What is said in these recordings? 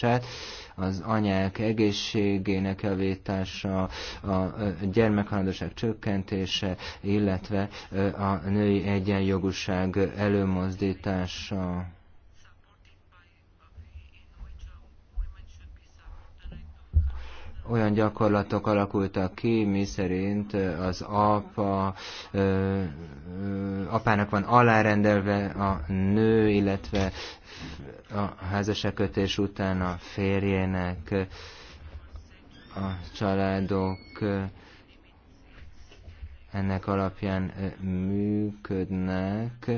javítását, az anyák egészségének javítása, a gyermekhaladóság csökkentése, illetve a női egyenjogúság előmozdítása. olyan gyakorlatok alakultak ki, mi szerint az apa, apának van alárendelve a nő, illetve a házasekötés után a férjének a családok ennek alapján működnek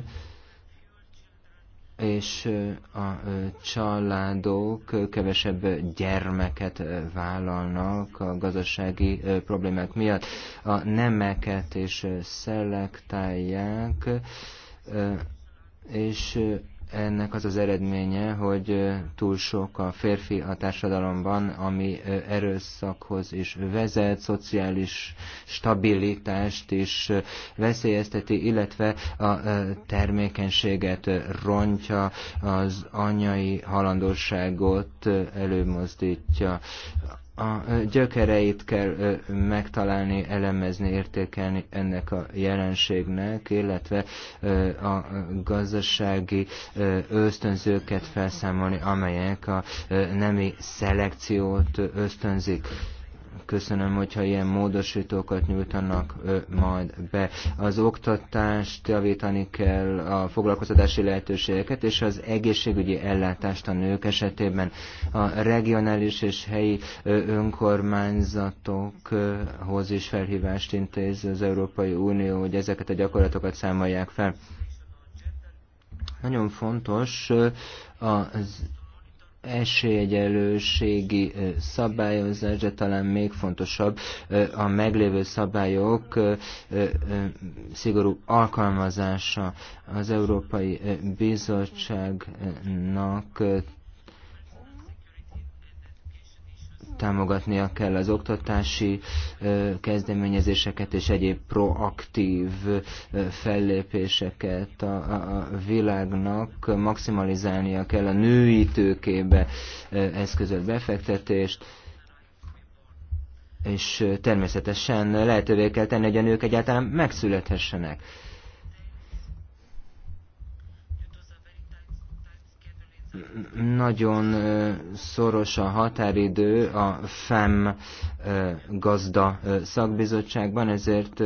és a családok kevesebb gyermeket vállalnak a gazdasági problémák miatt. A nemeket is szelektálják, és ennek az az eredménye, hogy túl sok a férfi a társadalomban, ami erőszakhoz is vezet, szociális stabilitást is veszélyezteti, illetve a termékenységet rontja, az anyai halandóságot előmozdítja a gyökereit kell megtalálni, elemezni, értékelni ennek a jelenségnek, illetve a gazdasági ösztönzőket felszámolni, amelyek a nemi szelekciót ösztönzik. Köszönöm, hogyha ilyen módosítókat nyújtanak majd be. Az oktatást javítani kell, a foglalkoztatási lehetőségeket és az egészségügyi ellátást a nők esetében. A regionális és helyi önkormányzatokhoz is felhívást intéz az Európai Unió, hogy ezeket a gyakorlatokat számolják fel. Nagyon fontos az esélyegyelőségi szabályozás, de talán még fontosabb a meglévő szabályok szigorú alkalmazása az Európai Bizottságnak támogatnia kell az oktatási kezdeményezéseket és egyéb proaktív fellépéseket a, világnak, maximalizálnia kell a női tőkébe eszközölt befektetést, és természetesen lehetővé kell tenni, hogy a nők egyáltalán megszülethessenek. nagyon szoros a határidő a FEM gazda szakbizottságban, ezért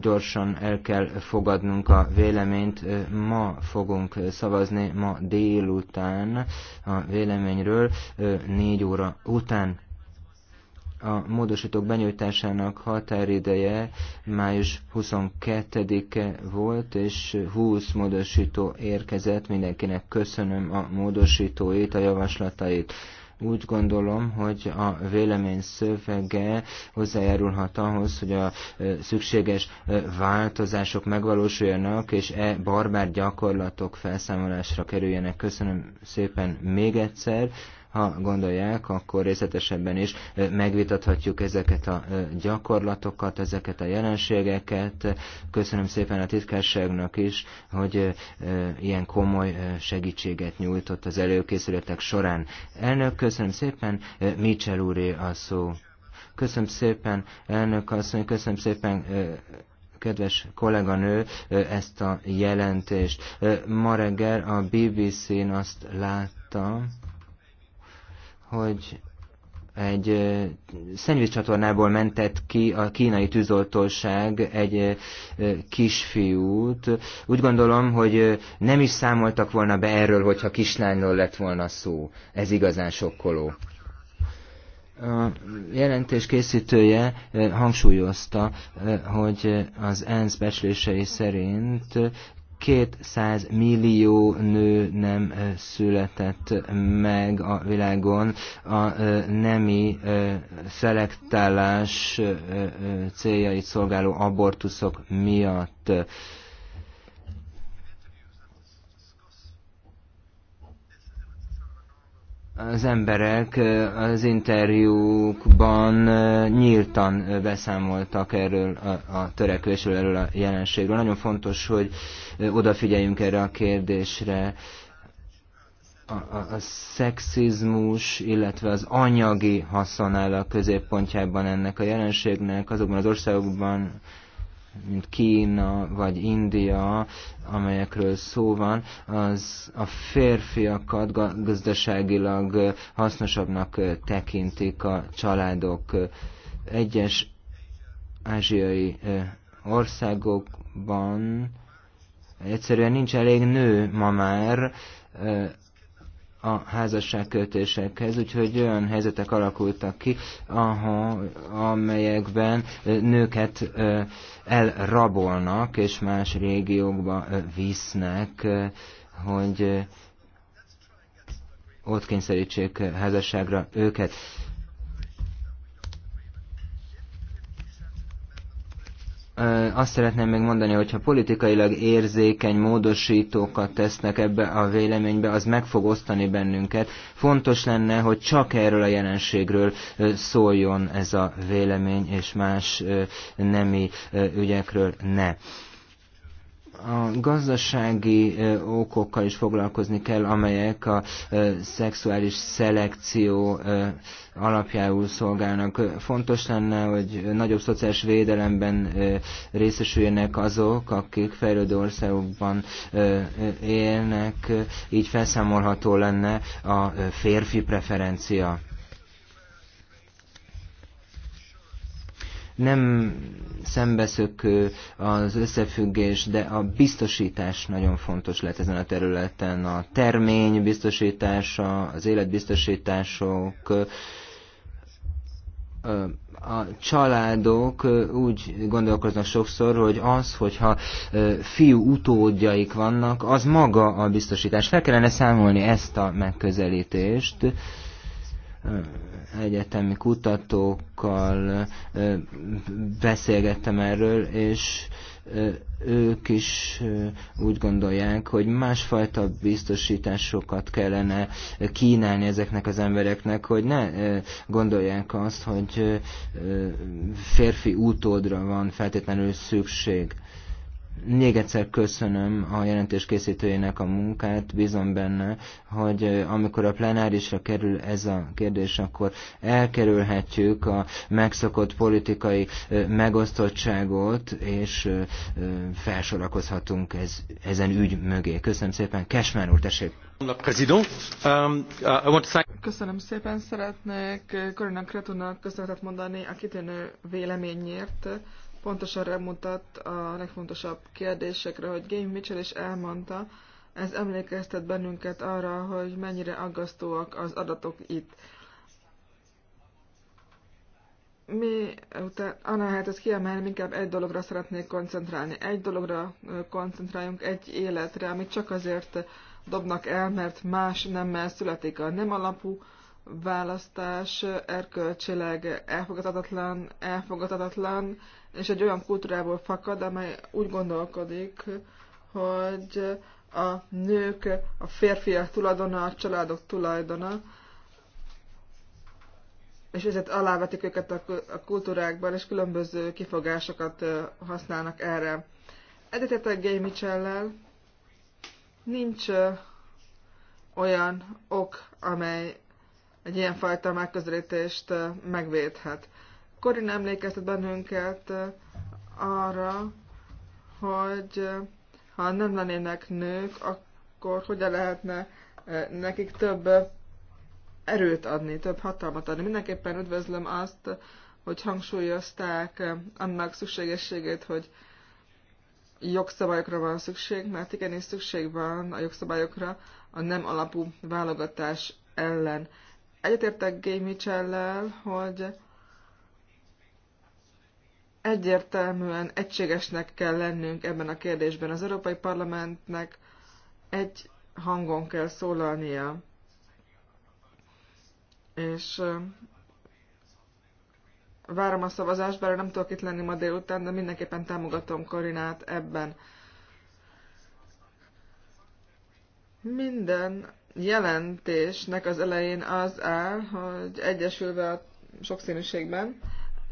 gyorsan el kell fogadnunk a véleményt. Ma fogunk szavazni, ma délután a véleményről, négy óra után a módosítók benyújtásának határideje május 22-e volt, és 20 módosító érkezett. Mindenkinek köszönöm a módosítóit, a javaslatait úgy gondolom, hogy a vélemény szövege hozzájárulhat ahhoz, hogy a e, szükséges e, változások megvalósuljanak, és e barbár gyakorlatok felszámolásra kerüljenek. Köszönöm szépen még egyszer. Ha gondolják, akkor részletesebben is megvitathatjuk ezeket a gyakorlatokat, ezeket a jelenségeket. Köszönöm szépen a titkárságnak is, hogy ilyen komoly segítséget nyújtott az előkészületek során. Elnök, köszönöm szépen, Mitchell úré a szó. Köszönöm szépen, elnök asszony, köszönöm szépen, kedves kolléganő, ezt a jelentést. Ma reggel a BBC-n azt láttam, hogy egy szennyvízcsatornából mentett ki a kínai tűzoltóság egy kisfiút. Úgy gondolom, hogy nem is számoltak volna be erről, hogyha kislányról lett volna szó. Ez igazán sokkoló. A jelentés készítője hangsúlyozta, hogy az ENSZ becslései szerint 200 millió nő nem született meg a világon a nemi szelektálás céljait szolgáló abortuszok miatt. az emberek az interjúkban nyíltan beszámoltak erről a, a törekvésről, erről a jelenségről. Nagyon fontos, hogy odafigyeljünk erre a kérdésre. A, a, a szexizmus, illetve az anyagi haszon áll a középpontjában ennek a jelenségnek azokban az országokban, mint Kína vagy India, amelyekről szó van, az a férfiakat gazdaságilag hasznosabbnak tekintik a családok. Egyes ázsiai országokban egyszerűen nincs elég nő ma már, a házasságkötésekhez, úgyhogy olyan helyzetek alakultak ki, aha, amelyekben nőket elrabolnak, és más régiókba visznek, hogy ott kényszerítsék házasságra őket. azt szeretném még mondani, hogyha politikailag érzékeny módosítókat tesznek ebbe a véleménybe, az meg fog osztani bennünket. Fontos lenne, hogy csak erről a jelenségről szóljon ez a vélemény, és más nemi ügyekről ne a gazdasági okokkal is foglalkozni kell, amelyek a szexuális szelekció alapjául szolgálnak. Fontos lenne, hogy nagyobb szociális védelemben részesüljenek azok, akik fejlődő országokban élnek, így felszámolható lenne a férfi preferencia. nem szembeszökő az összefüggés, de a biztosítás nagyon fontos lehet ezen a területen. A termény biztosítása, az életbiztosítások, a családok úgy gondolkoznak sokszor, hogy az, hogyha fiú utódjaik vannak, az maga a biztosítás. Fel kellene számolni ezt a megközelítést egyetemi kutatókkal beszélgettem erről, és ők is úgy gondolják, hogy másfajta biztosításokat kellene kínálni ezeknek az embereknek, hogy ne gondolják azt, hogy férfi utódra van feltétlenül szükség. Még egyszer köszönöm a jelentés készítőjének a munkát, bízom benne, hogy amikor a plenárisra kerül ez a kérdés, akkor elkerülhetjük a megszokott politikai megosztottságot, és felsorakozhatunk ez, ezen ügy mögé. Köszönöm szépen, Kesmán úr, tessék! Um, uh, köszönöm szépen, szeretnék Korinak uh, Kretunak köszönetet mondani a kitűnő véleményért, pontosan remutat a legfontosabb kérdésekre, hogy Game Mitchell is elmondta, ez emlékeztet bennünket arra, hogy mennyire aggasztóak az adatok itt. Mi utána anahelyett ezt kiemelni, inkább egy dologra szeretnék koncentrálni. Egy dologra koncentráljunk, egy életre, amit csak azért dobnak el, mert más nemmel születik a nem alapú választás erkölcsileg elfogadhatatlan, elfogadhatatlan, és egy olyan kultúrából fakad, amely úgy gondolkodik, hogy a nők, a férfiak tulajdona, a családok tulajdona, és ezért alávetik őket a kultúrákban, és különböző kifogásokat használnak erre. Egyetetek Gay mitchell nincs olyan ok, amely egy ilyenfajta megközelítést megvédhet. Korin emlékeztet bennünket arra, hogy ha nem lennének nők, akkor hogyan lehetne nekik több erőt adni, több hatalmat adni. Mindenképpen üdvözlöm azt, hogy hangsúlyozták annak szükségességét, hogy jogszabályokra van szükség, mert igenis szükség van a jogszabályokra a nem alapú válogatás ellen. Egyetértek Gay mitchell hogy egyértelműen egységesnek kell lennünk ebben a kérdésben. Az Európai Parlamentnek egy hangon kell szólalnia. És várom a szavazást, bár nem tudok itt lenni ma délután, de mindenképpen támogatom Korinát ebben. Minden jelentésnek az elején az áll, hogy egyesülve a sokszínűségben,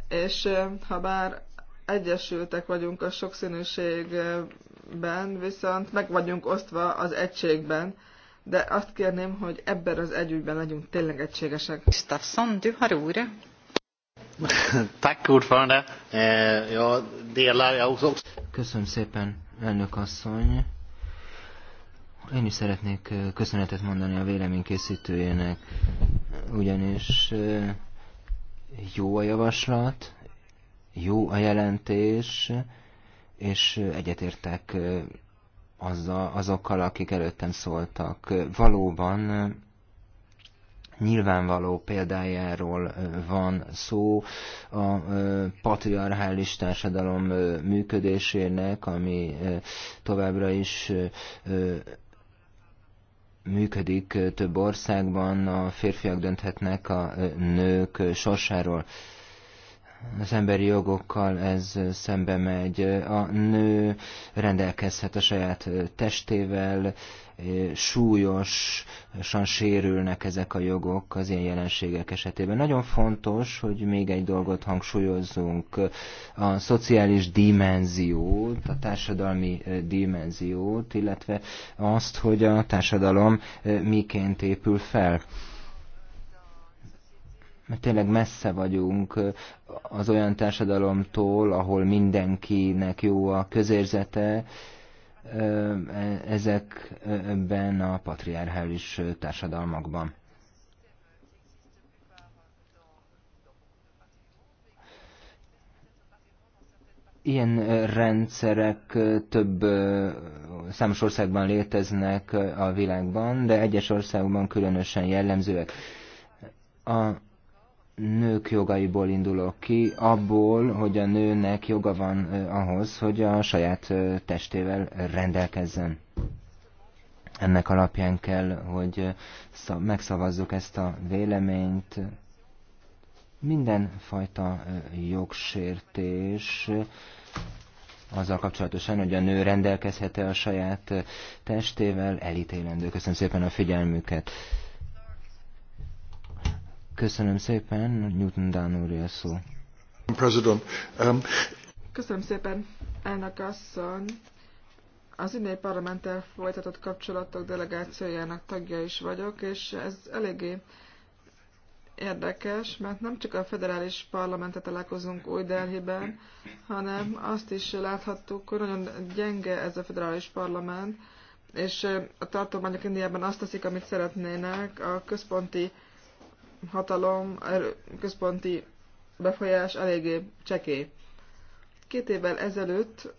és ha bár egyesültek vagyunk a sokszínűségben, viszont meg vagyunk osztva az egységben, de azt kérném, hogy ebben az együgyben legyünk tényleg egységesek. Gustafsson, du har ordet. Tack ordförande. Eh, jag delar, jag också. Köszönöm szépen, elnök asszony. Én is szeretnék köszönetet mondani a véleménykészítőjének, ugyanis jó a javaslat, jó a jelentés, és egyetértek azzal, azokkal, akik előttem szóltak. Valóban nyilvánvaló példájáról van szó a patriarchális társadalom működésének, ami továbbra is működik több országban, a férfiak dönthetnek a nők sorsáról az emberi jogokkal ez szembe megy. A nő rendelkezhet a saját testével, súlyosan sérülnek ezek a jogok az ilyen jelenségek esetében. Nagyon fontos, hogy még egy dolgot hangsúlyozzunk, a szociális dimenziót, a társadalmi eh, dimenziót, illetve azt, hogy a társadalom eh, miként épül fel mert tényleg messze vagyunk az olyan társadalomtól, ahol mindenkinek jó a közérzete, e, ezekben a patriarchális társadalmakban. Ilyen rendszerek több számos országban léteznek a világban, de egyes országokban különösen jellemzőek. A nők jogaiból indulok ki, abból, hogy a nőnek joga van ahhoz, hogy a saját testével rendelkezzen. Ennek alapján kell, hogy megszavazzuk ezt a véleményt. Mindenfajta jogsértés azzal kapcsolatosan, hogy a nő rendelkezhet-e a saját testével, elítélendő. Köszönöm szépen a figyelmüket. Köszönöm szépen, Newton Dán úr a szó. President, um... Köszönöm szépen, elnök asszony. Az idei parlamenttel folytatott kapcsolatok delegációjának tagja is vagyok, és ez eléggé érdekes, mert nem csak a federális parlamentet találkozunk új Delhiben, hanem azt is láthattuk, hogy nagyon gyenge ez a federális parlament, és a tartományok Indiában azt teszik, amit szeretnének, a központi hatalom, erő, központi befolyás eléggé cseké. Két évvel ezelőtt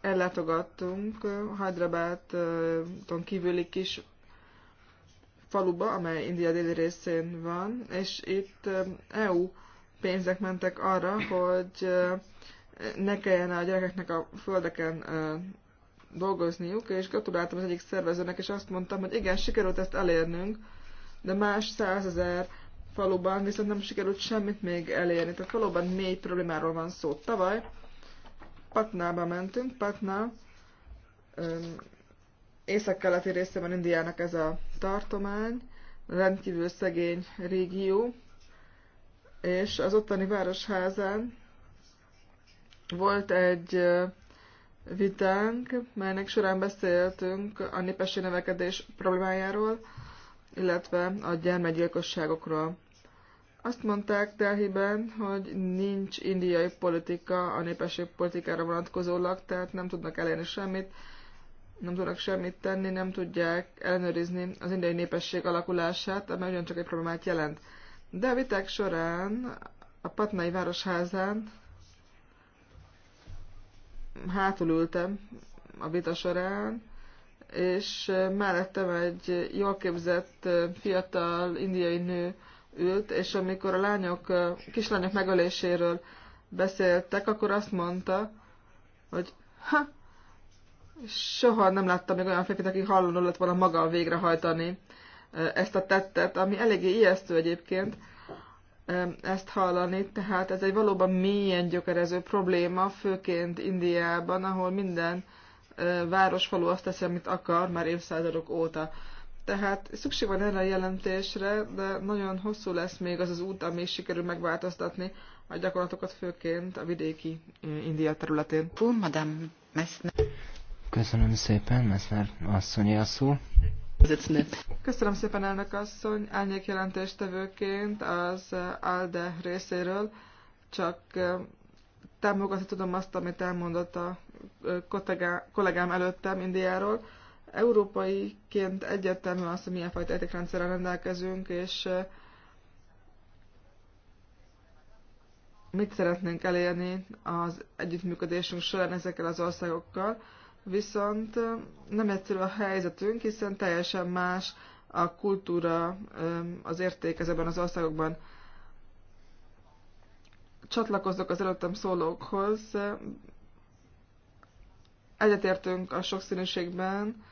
ellátogattunk Hyderabadon kívüli kis faluba, amely India déli részén van, és itt eh, EU pénzek mentek arra, hogy eh, ne kelljen a gyerekeknek a földeken eh, dolgozniuk, és gratuláltam az egyik szervezőnek, és azt mondtam, hogy igen, sikerült ezt elérnünk, de más százezer faluban viszont nem sikerült semmit még elérni. Tehát valóban négy problémáról van szó. Tavaly Patnába mentünk, Patna észak-keleti részében Indiának ez a tartomány, rendkívül szegény régió, és az ottani városházán volt egy vitánk, melynek során beszéltünk a népesi növekedés problémájáról, illetve a gyermekgyilkosságokról. Azt mondták Delhiben, hogy nincs indiai politika a népesség politikára vonatkozólag, tehát nem tudnak elérni semmit, nem tudnak semmit tenni, nem tudják ellenőrizni az indiai népesség alakulását, amely ugyancsak egy problémát jelent. De a viták során a Patnai Városházán hátul ültem a vita során, és mellettem egy jól képzett fiatal indiai nő ült, és amikor a lányok, kislányok megöléséről beszéltek, akkor azt mondta, hogy ha, soha nem láttam még olyan férfit, aki hallon lett volna maga végrehajtani ezt a tettet, ami eléggé ijesztő egyébként ezt hallani, tehát ez egy valóban mélyen gyökerező probléma, főként Indiában, ahol minden városfalu azt teszi, amit akar már évszázadok óta. Tehát szükség van erre a jelentésre, de nagyon hosszú lesz még az az út, ami sikerül megváltoztatni a gyakorlatokat, főként a vidéki India területén. Köszönöm szépen, Messner asszony a szó. Köszönöm szépen, elnök asszony. elnék jelentéstevőként az ALDE részéről csak támogatni tudom azt, amit elmondott a kollégám előttem Indiáról Európaiként egyértelmű az, hogy milyen fajta értékrendszerrel rendelkezünk, és mit szeretnénk elérni az együttműködésünk során ezekkel az országokkal, viszont nem egyszerű a helyzetünk, hiszen teljesen más a kultúra, az érték ezekben az országokban. Csatlakozok az előttem szólókhoz, egyetértünk a sokszínűségben,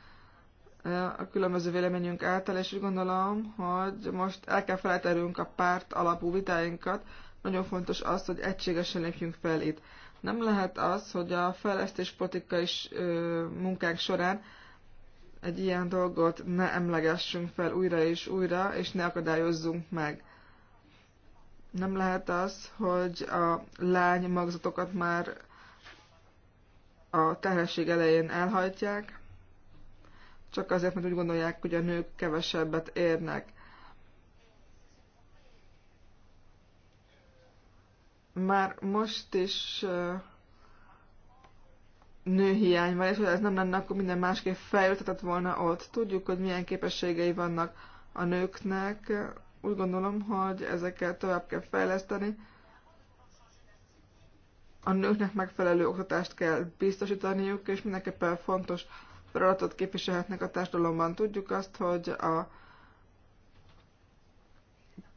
a különböző véleményünk által, és úgy gondolom, hogy most el kell felejtenünk a párt alapú vitáinkat. Nagyon fontos az, hogy egységesen lépjünk fel itt. Nem lehet az, hogy a politikai munkánk során egy ilyen dolgot ne emlegessünk fel újra és újra, és ne akadályozzunk meg. Nem lehet az, hogy a lány magzatokat már a terhesség elején elhajtják, csak azért, mert úgy gondolják, hogy a nők kevesebbet érnek. Már most is nőhiány van, és hogy ez nem lenne, akkor minden másképp fejlődhetett volna ott. Tudjuk, hogy milyen képességei vannak a nőknek. Úgy gondolom, hogy ezeket tovább kell fejleszteni. A nőknek megfelelő oktatást kell biztosítaniuk, és mindenképpen fontos feladatot képviselhetnek a társadalomban. Tudjuk azt, hogy a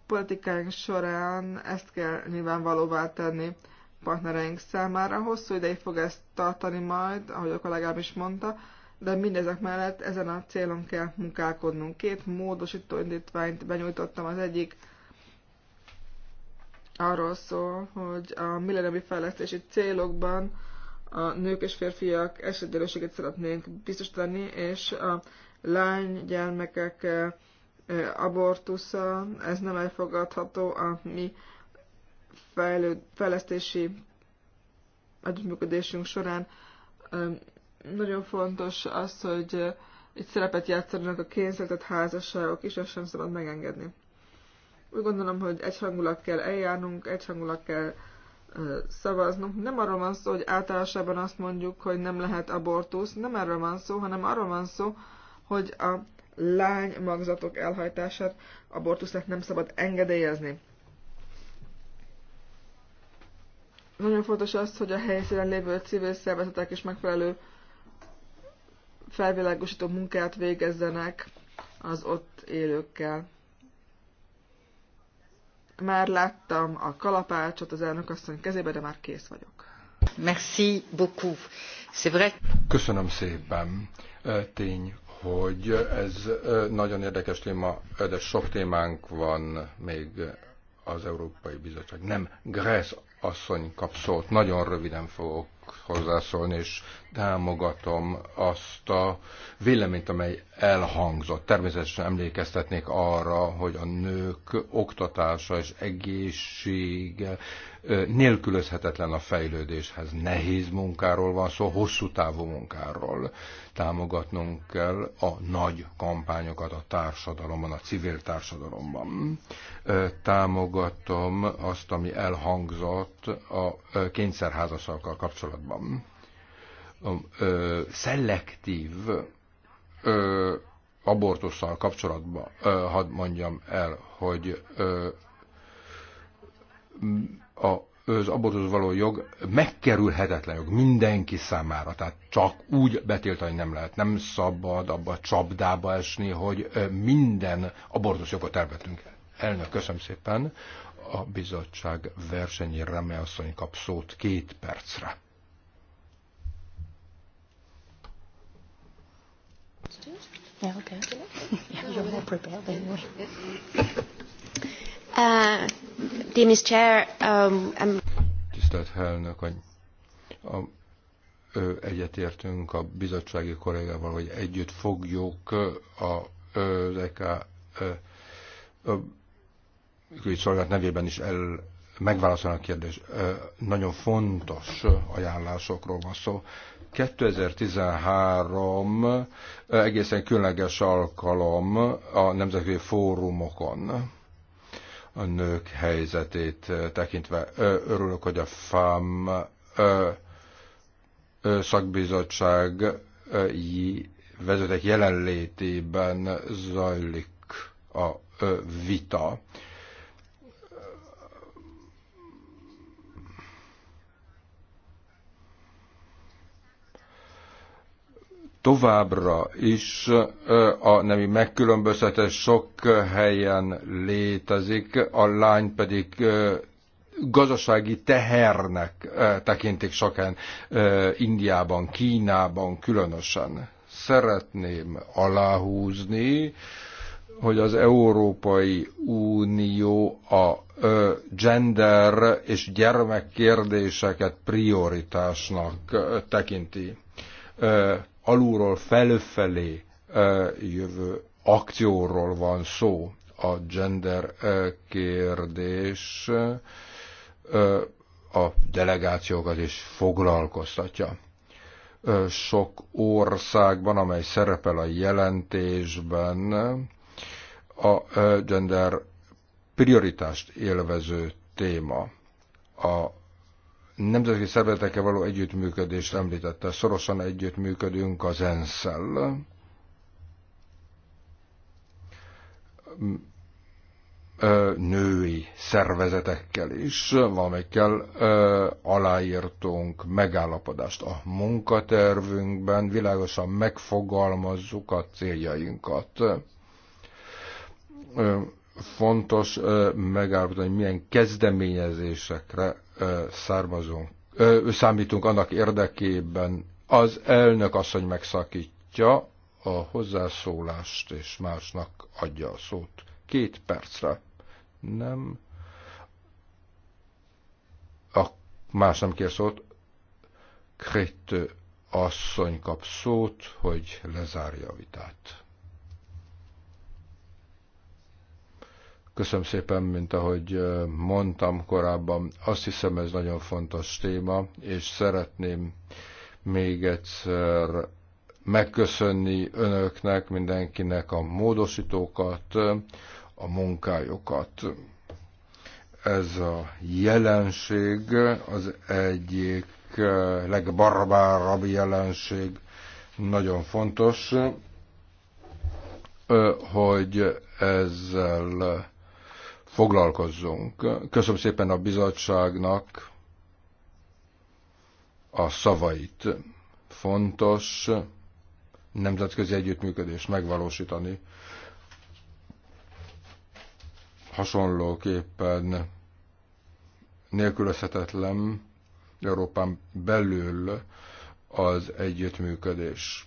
politikánk során ezt kell nyilvánvalóvá tenni partnereink számára. Hosszú ideig fog ezt tartani majd, ahogy a kollégám is mondta, de mindezek mellett ezen a célon kell munkálkodnunk. Két módosító indítványt benyújtottam, az egyik arról szól, hogy a millenniumi fejlesztési célokban a nők és férfiak esélyegyenlőséget szeretnénk biztosítani, és a lány gyermekek eh, eh, abortusza, ez nem elfogadható a mi fejlő, fejlesztési együttműködésünk során. Nagyon fontos az, hogy eh, itt szerepet játszanak a kényszerített házasságok is, ezt sem szabad megengedni. Úgy gondolom, hogy egyhangulat kell eljárnunk, egyhangulat kell szavaznunk. Nem arról van szó, hogy általában azt mondjuk, hogy nem lehet abortusz, nem erről van szó, hanem arról van szó, hogy a lány magzatok elhajtását abortusznak nem szabad engedélyezni. Nagyon fontos az, hogy a helyszínen lévő civil szervezetek is megfelelő felvilágosító munkát végezzenek az ott élőkkel. Már láttam a kalapácsot az elnökasszony kezébe, de már kész vagyok. Merci beaucoup. C'est vrai. Köszönöm szépen. Tény, hogy ez nagyon érdekes téma, de sok témánk van még az Európai Bizottság. Nem, grész asszony kap szót. Nagyon röviden fogok hozzászólni, és támogatom azt a véleményt, amely elhangzott. Természetesen emlékeztetnék arra, hogy a nők oktatása és egészsége nélkülözhetetlen a fejlődéshez. Nehéz munkáról van szó, hosszú távú munkáról. Támogatnunk kell a nagy kampányokat a társadalomban, a civil társadalomban. Támogatom azt, ami elhangzott a kényszerházasokkal kapcsolatban. A, szelektív abortussal kapcsolatban, hadd mondjam el, hogy a, az abortusz való jog megkerülhetetlen jog mindenki számára. Tehát csak úgy betiltani nem lehet. Nem szabad abba a csapdába esni, hogy minden abortusz jogot elvetünk. Elnök, köszönöm szépen. A bizottság versenyi remeasszony kap szót két percre. Yeah, okay. Yeah, you're more prepared anyway. Uh, Um, um, Tisztelt elnök, egyetértünk a bizottsági kollégával, hogy együtt fogjuk a ezek a, a, a nevében is el megválaszolni a kérdés. Nagyon fontos ajánlásokról van szó. 2013 egészen különleges alkalom a nemzetközi fórumokon a nők helyzetét tekintve. Örülök, hogy a FAM szakbizottság vezetek jelenlétében zajlik a vita továbbra is a nemi megkülönböztetés sok helyen létezik, a lány pedig gazdasági tehernek tekintik sokan. Indiában, Kínában különösen. Szeretném aláhúzni, hogy az Európai Unió a gender és gyermekkérdéseket prioritásnak tekinti alulról felfelé jövő akcióról van szó. A gender kérdés a delegációkat is foglalkoztatja. Sok országban, amely szerepel a jelentésben, a gender prioritást élvező téma. A nemzetközi szervezetekkel való együttműködést említette. Szorosan együttműködünk az ENSZ-szel. női szervezetekkel is, valamelyikkel aláírtunk megállapodást. A munkatervünkben világosan megfogalmazzuk a céljainkat. Fontos megállapodni, hogy milyen kezdeményezésekre származunk, ö, számítunk annak érdekében, az elnök asszony megszakítja a hozzászólást, és másnak adja a szót. Két percre. Nem. A más nem kér szót. Krétő asszony kap szót, hogy lezárja a vitát. Köszönöm szépen, mint ahogy mondtam korábban, azt hiszem ez nagyon fontos téma, és szeretném még egyszer megköszönni önöknek, mindenkinek a módosítókat, a munkájukat. Ez a jelenség az egyik legbarbárabb jelenség, nagyon fontos, hogy ezzel foglalkozzunk. Köszönöm szépen a bizottságnak a szavait. Fontos nemzetközi együttműködést megvalósítani. Hasonlóképpen nélkülözhetetlen Európán belül az együttműködés.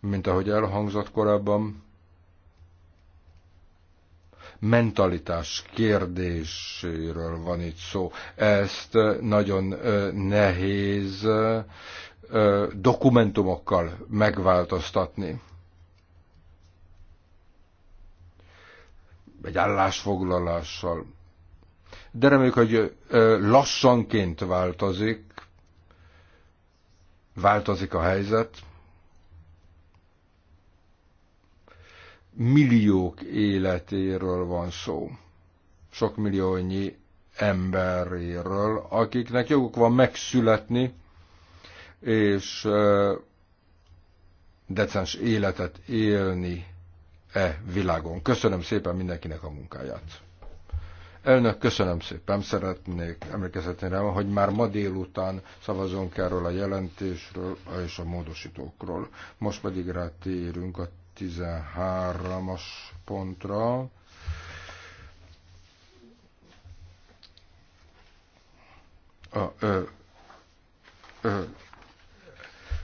Mint ahogy elhangzott korábban, mentalitás kérdéséről van itt szó. Ezt nagyon nehéz dokumentumokkal megváltoztatni. Egy állásfoglalással. De reméljük, hogy lassanként változik, változik a helyzet, milliók életéről van szó. Sok milliónyi emberéről, akiknek joguk van megszületni, és decens életet élni e világon. Köszönöm szépen mindenkinek a munkáját. Elnök, köszönöm szépen. Szeretnék emlékezetni rá, hogy már ma délután szavazunk erről a jelentésről és a módosítókról. Most pedig rátérünk a 13-as pontra. A, ö, ö,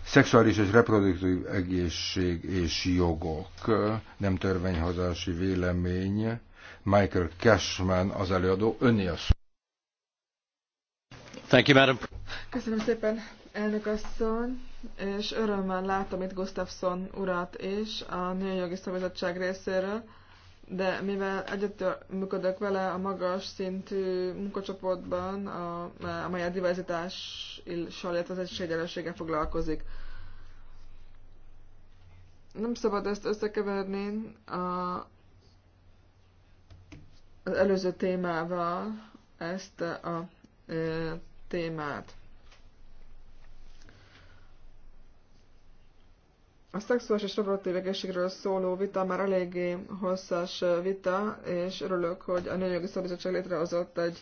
szexuális és reproduktív egészség és jogok, nem törvényhozási vélemény. Michael Cashman az előadó, önni a szó. Thank you, madam. Köszönöm szépen, elnök asszony és örömmel látom itt Gustafsson urat és a Nőjogi Szabadság részéről, de mivel működök vele a magas szintű munkacsoportban, a, amely a diverzitással, illetve az egységegyenlőséggel foglalkozik. Nem szabad ezt összekeverni a, az előző témával, ezt a e, témát. A szexuális és reproduktív egészségről szóló vita már eléggé hosszas vita, és örülök, hogy a Nőjogi Szabizottság létrehozott egy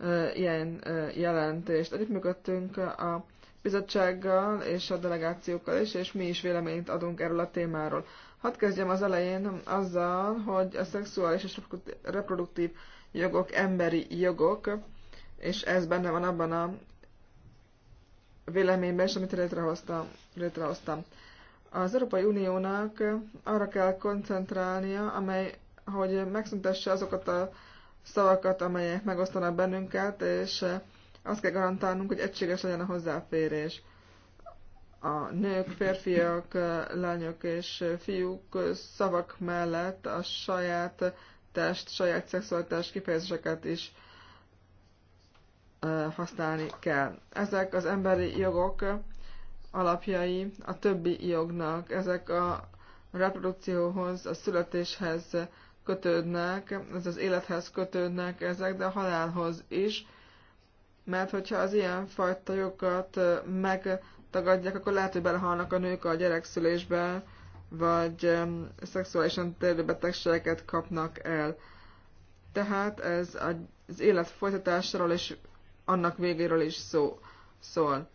e, ilyen e, jelentést. Együttműködtünk a bizottsággal és a delegációkkal is, és mi is véleményt adunk erről a témáról. Hadd kezdjem az elején azzal, hogy a szexuális és reproduktív jogok emberi jogok, és ez benne van abban a véleményben is, amit létrehoztam. létrehoztam. Az Európai Uniónak arra kell koncentrálnia, amely, hogy megszüntesse azokat a szavakat, amelyek megosztanak bennünket, és azt kell garantálnunk, hogy egységes legyen a hozzáférés. A nők, férfiak, lányok és fiúk szavak mellett a saját test, saját szexualitás kifejezéseket is használni kell. Ezek az emberi jogok alapjai a többi jognak. Ezek a reprodukcióhoz, a születéshez kötődnek, ez az élethez kötődnek ezek, de a halálhoz is. Mert hogyha az ilyen fajta jogokat megtagadják, akkor lehet, hogy belehalnak a nők a gyerekszülésbe, vagy szexuálisan terjedő betegségeket kapnak el. Tehát ez az élet folytatásról és annak végéről is szó, szól.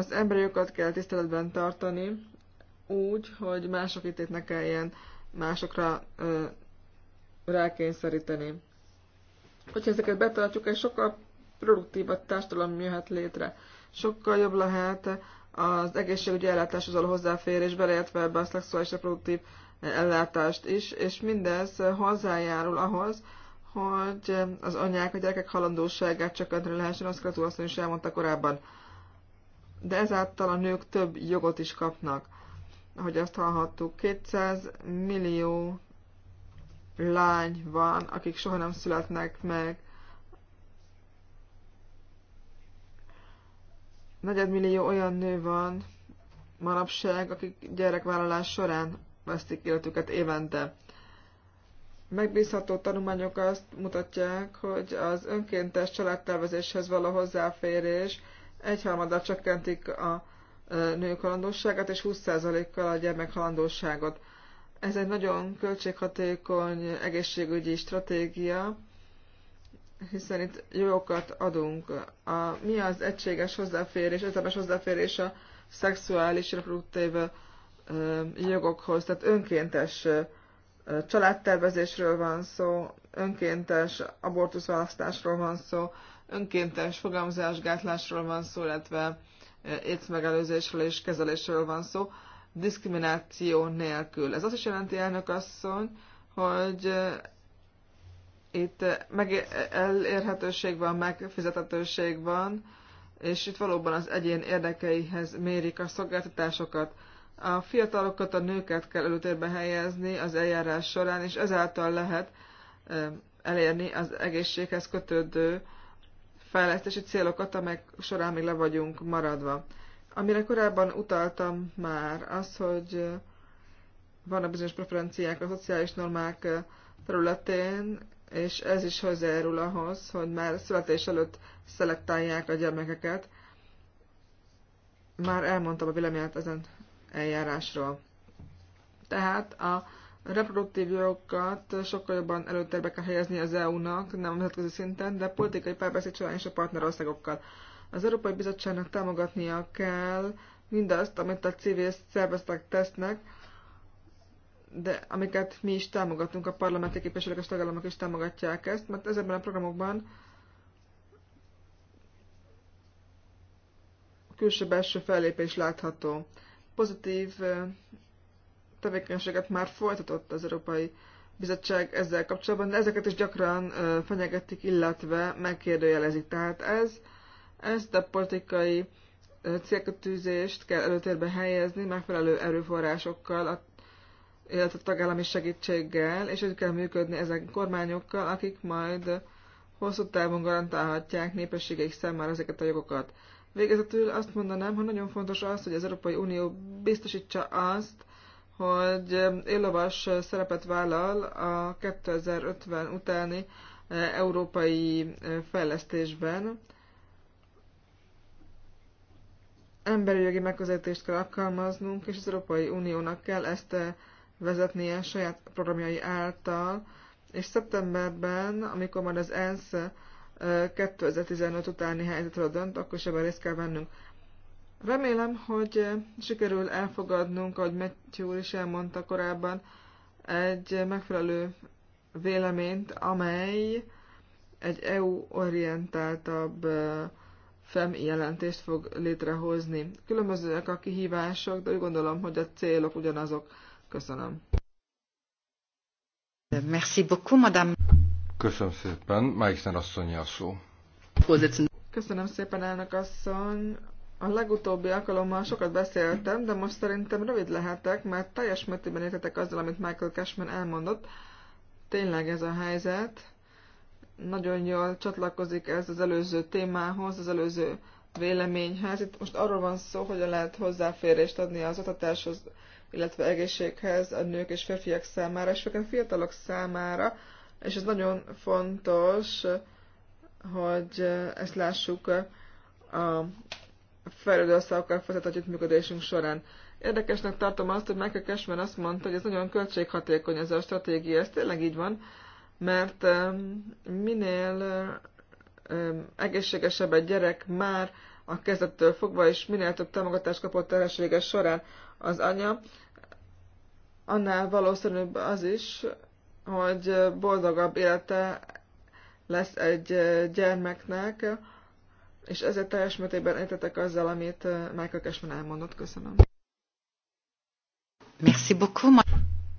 Az emberi jogokat kell tiszteletben tartani, úgy, hogy mások itt ne kelljen másokra ö, rákényszeríteni. Hogyha ezeket betartjuk, egy sokkal produktívabb társadalom jöhet létre. Sokkal jobb lehet az egészségügyi ellátáshoz való hozzáférés, beleértve ebbe a szexuális reproduktív ellátást is, és mindez hozzájárul ahhoz, hogy az anyák, a gyerekek halandóságát csökkenteni lehessen, azt Kratú asszony is elmondta korábban de ezáltal a nők több jogot is kapnak. Ahogy azt hallhattuk, 200 millió lány van, akik soha nem születnek meg. Negyedmillió olyan nő van manapság, akik gyerekvállalás során vesztik életüket évente. Megbízható tanulmányok azt mutatják, hogy az önkéntes családtervezéshez való hozzáférés egyharmaddal csökkentik a nők halandóságát, és 20%-kal a gyermek halandóságot. Ez egy nagyon költséghatékony egészségügyi stratégia, hiszen itt jogokat adunk. A, mi az egységes hozzáférés, egyszerűen hozzáférés a szexuális reproduktív jogokhoz, tehát önkéntes családtervezésről van szó, önkéntes abortuszválasztásról van szó, önkéntes fogalmazásgátlásról van szó, illetve e, étsz megelőzésről és kezelésről van szó, diszkrimináció nélkül. Ez azt is jelenti, elnök asszony, hogy e, itt e, meg elérhetőség van, megfizethetőség van, és itt valóban az egyén érdekeihez mérik a szolgáltatásokat. A fiatalokat, a nőket kell előtérbe helyezni az eljárás során, és ezáltal lehet elérni az egészséghez kötődő fejlesztési célokat, amelyek során még le vagyunk maradva. Amire korábban utaltam már, az, hogy van a bizonyos preferenciák a szociális normák területén, és ez is hozzájárul ahhoz, hogy már születés előtt szelektálják a gyermekeket. Már elmondtam a véleményet ezen eljárásról. Tehát a a reproduktív jogokat sokkal jobban előtérbe kell helyezni az EU-nak, nem nemzetközi szinten, de politikai párbeszéd során is a partnerországokkal. Az Európai Bizottságnak támogatnia kell mindazt, amit a civil szervezetek tesznek, de amiket mi is támogatunk, a parlamenti képviselők és tagállamok is támogatják ezt, mert ezekben a programokban külső-belső fellépés látható. Pozitív tevékenységet már folytatott az Európai Bizottság ezzel kapcsolatban, de ezeket is gyakran fenyegetik, illetve megkérdőjelezik. Tehát ez, ezt a politikai célkötűzést kell előtérbe helyezni megfelelő erőforrásokkal, a, illetve a tagállami segítséggel, és úgy kell működni ezen kormányokkal, akik majd hosszú távon garantálhatják népességeik számára ezeket a jogokat. Végezetül azt mondanám, hogy nagyon fontos az, hogy az Európai Unió biztosítsa azt, hogy élovas szerepet vállal a 2050 utáni e, európai e, fejlesztésben. Emberi jogi megközelítést kell alkalmaznunk, és az Európai Uniónak kell ezt e, vezetnie saját programjai által, és szeptemberben, amikor majd az ENSZ 2015 utáni helyzetről dönt, akkor is ebben részt kell vennünk. Remélem, hogy eh, sikerül elfogadnunk, ahogy Matthew úr is elmondta korábban, egy megfelelő véleményt, amely egy EU-orientáltabb eh, FEM jelentést fog létrehozni. Különbözőek a kihívások, de úgy gondolom, hogy a célok ugyanazok. Köszönöm. Merci beaucoup, madame. Köszönöm szépen. Meichner asszony a szó. Köszönöm szépen, elnök asszony. A legutóbbi alkalommal sokat beszéltem, de most szerintem rövid lehetek, mert teljes mértékben értetek azzal, amit Michael Cashman elmondott. Tényleg ez a helyzet. Nagyon jól csatlakozik ez az előző témához, az előző véleményhez. Itt most arról van szó, hogy lehet hozzáférést adni az oktatáshoz, illetve egészséghez a nők és férfiak számára, és főként fiatalok számára, és ez nagyon fontos, hogy ezt lássuk a fejlődő országokkal folytatott együttműködésünk során. Érdekesnek tartom azt, hogy Michael Cashman azt mondta, hogy ez nagyon költséghatékony ez a stratégia, ez tényleg így van, mert minél egészségesebb egy gyerek már a kezdettől fogva, és minél több támogatást kapott terhessége során az anya, annál valószínűbb az is, hogy boldogabb élete lesz egy gyermeknek, és ezért teljes mértékben értetek azzal, amit Michael Cashman elmondott. Köszönöm. Merci beaucoup.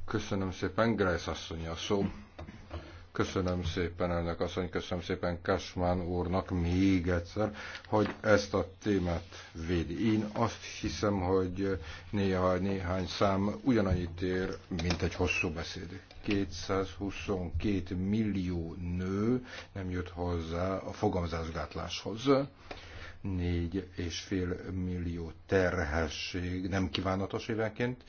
Köszönöm szépen, Grace asszony a szó. Köszönöm szépen, elnök asszony, köszönöm szépen Kasmán úrnak még egyszer, hogy ezt a témát védi. Én azt hiszem, hogy néha néhány szám ugyanannyit ér, mint egy hosszú beszédük. 222 millió nő nem jött hozzá a fogamzásgátláshoz. 4,5 millió terhesség nem kívánatos évenként,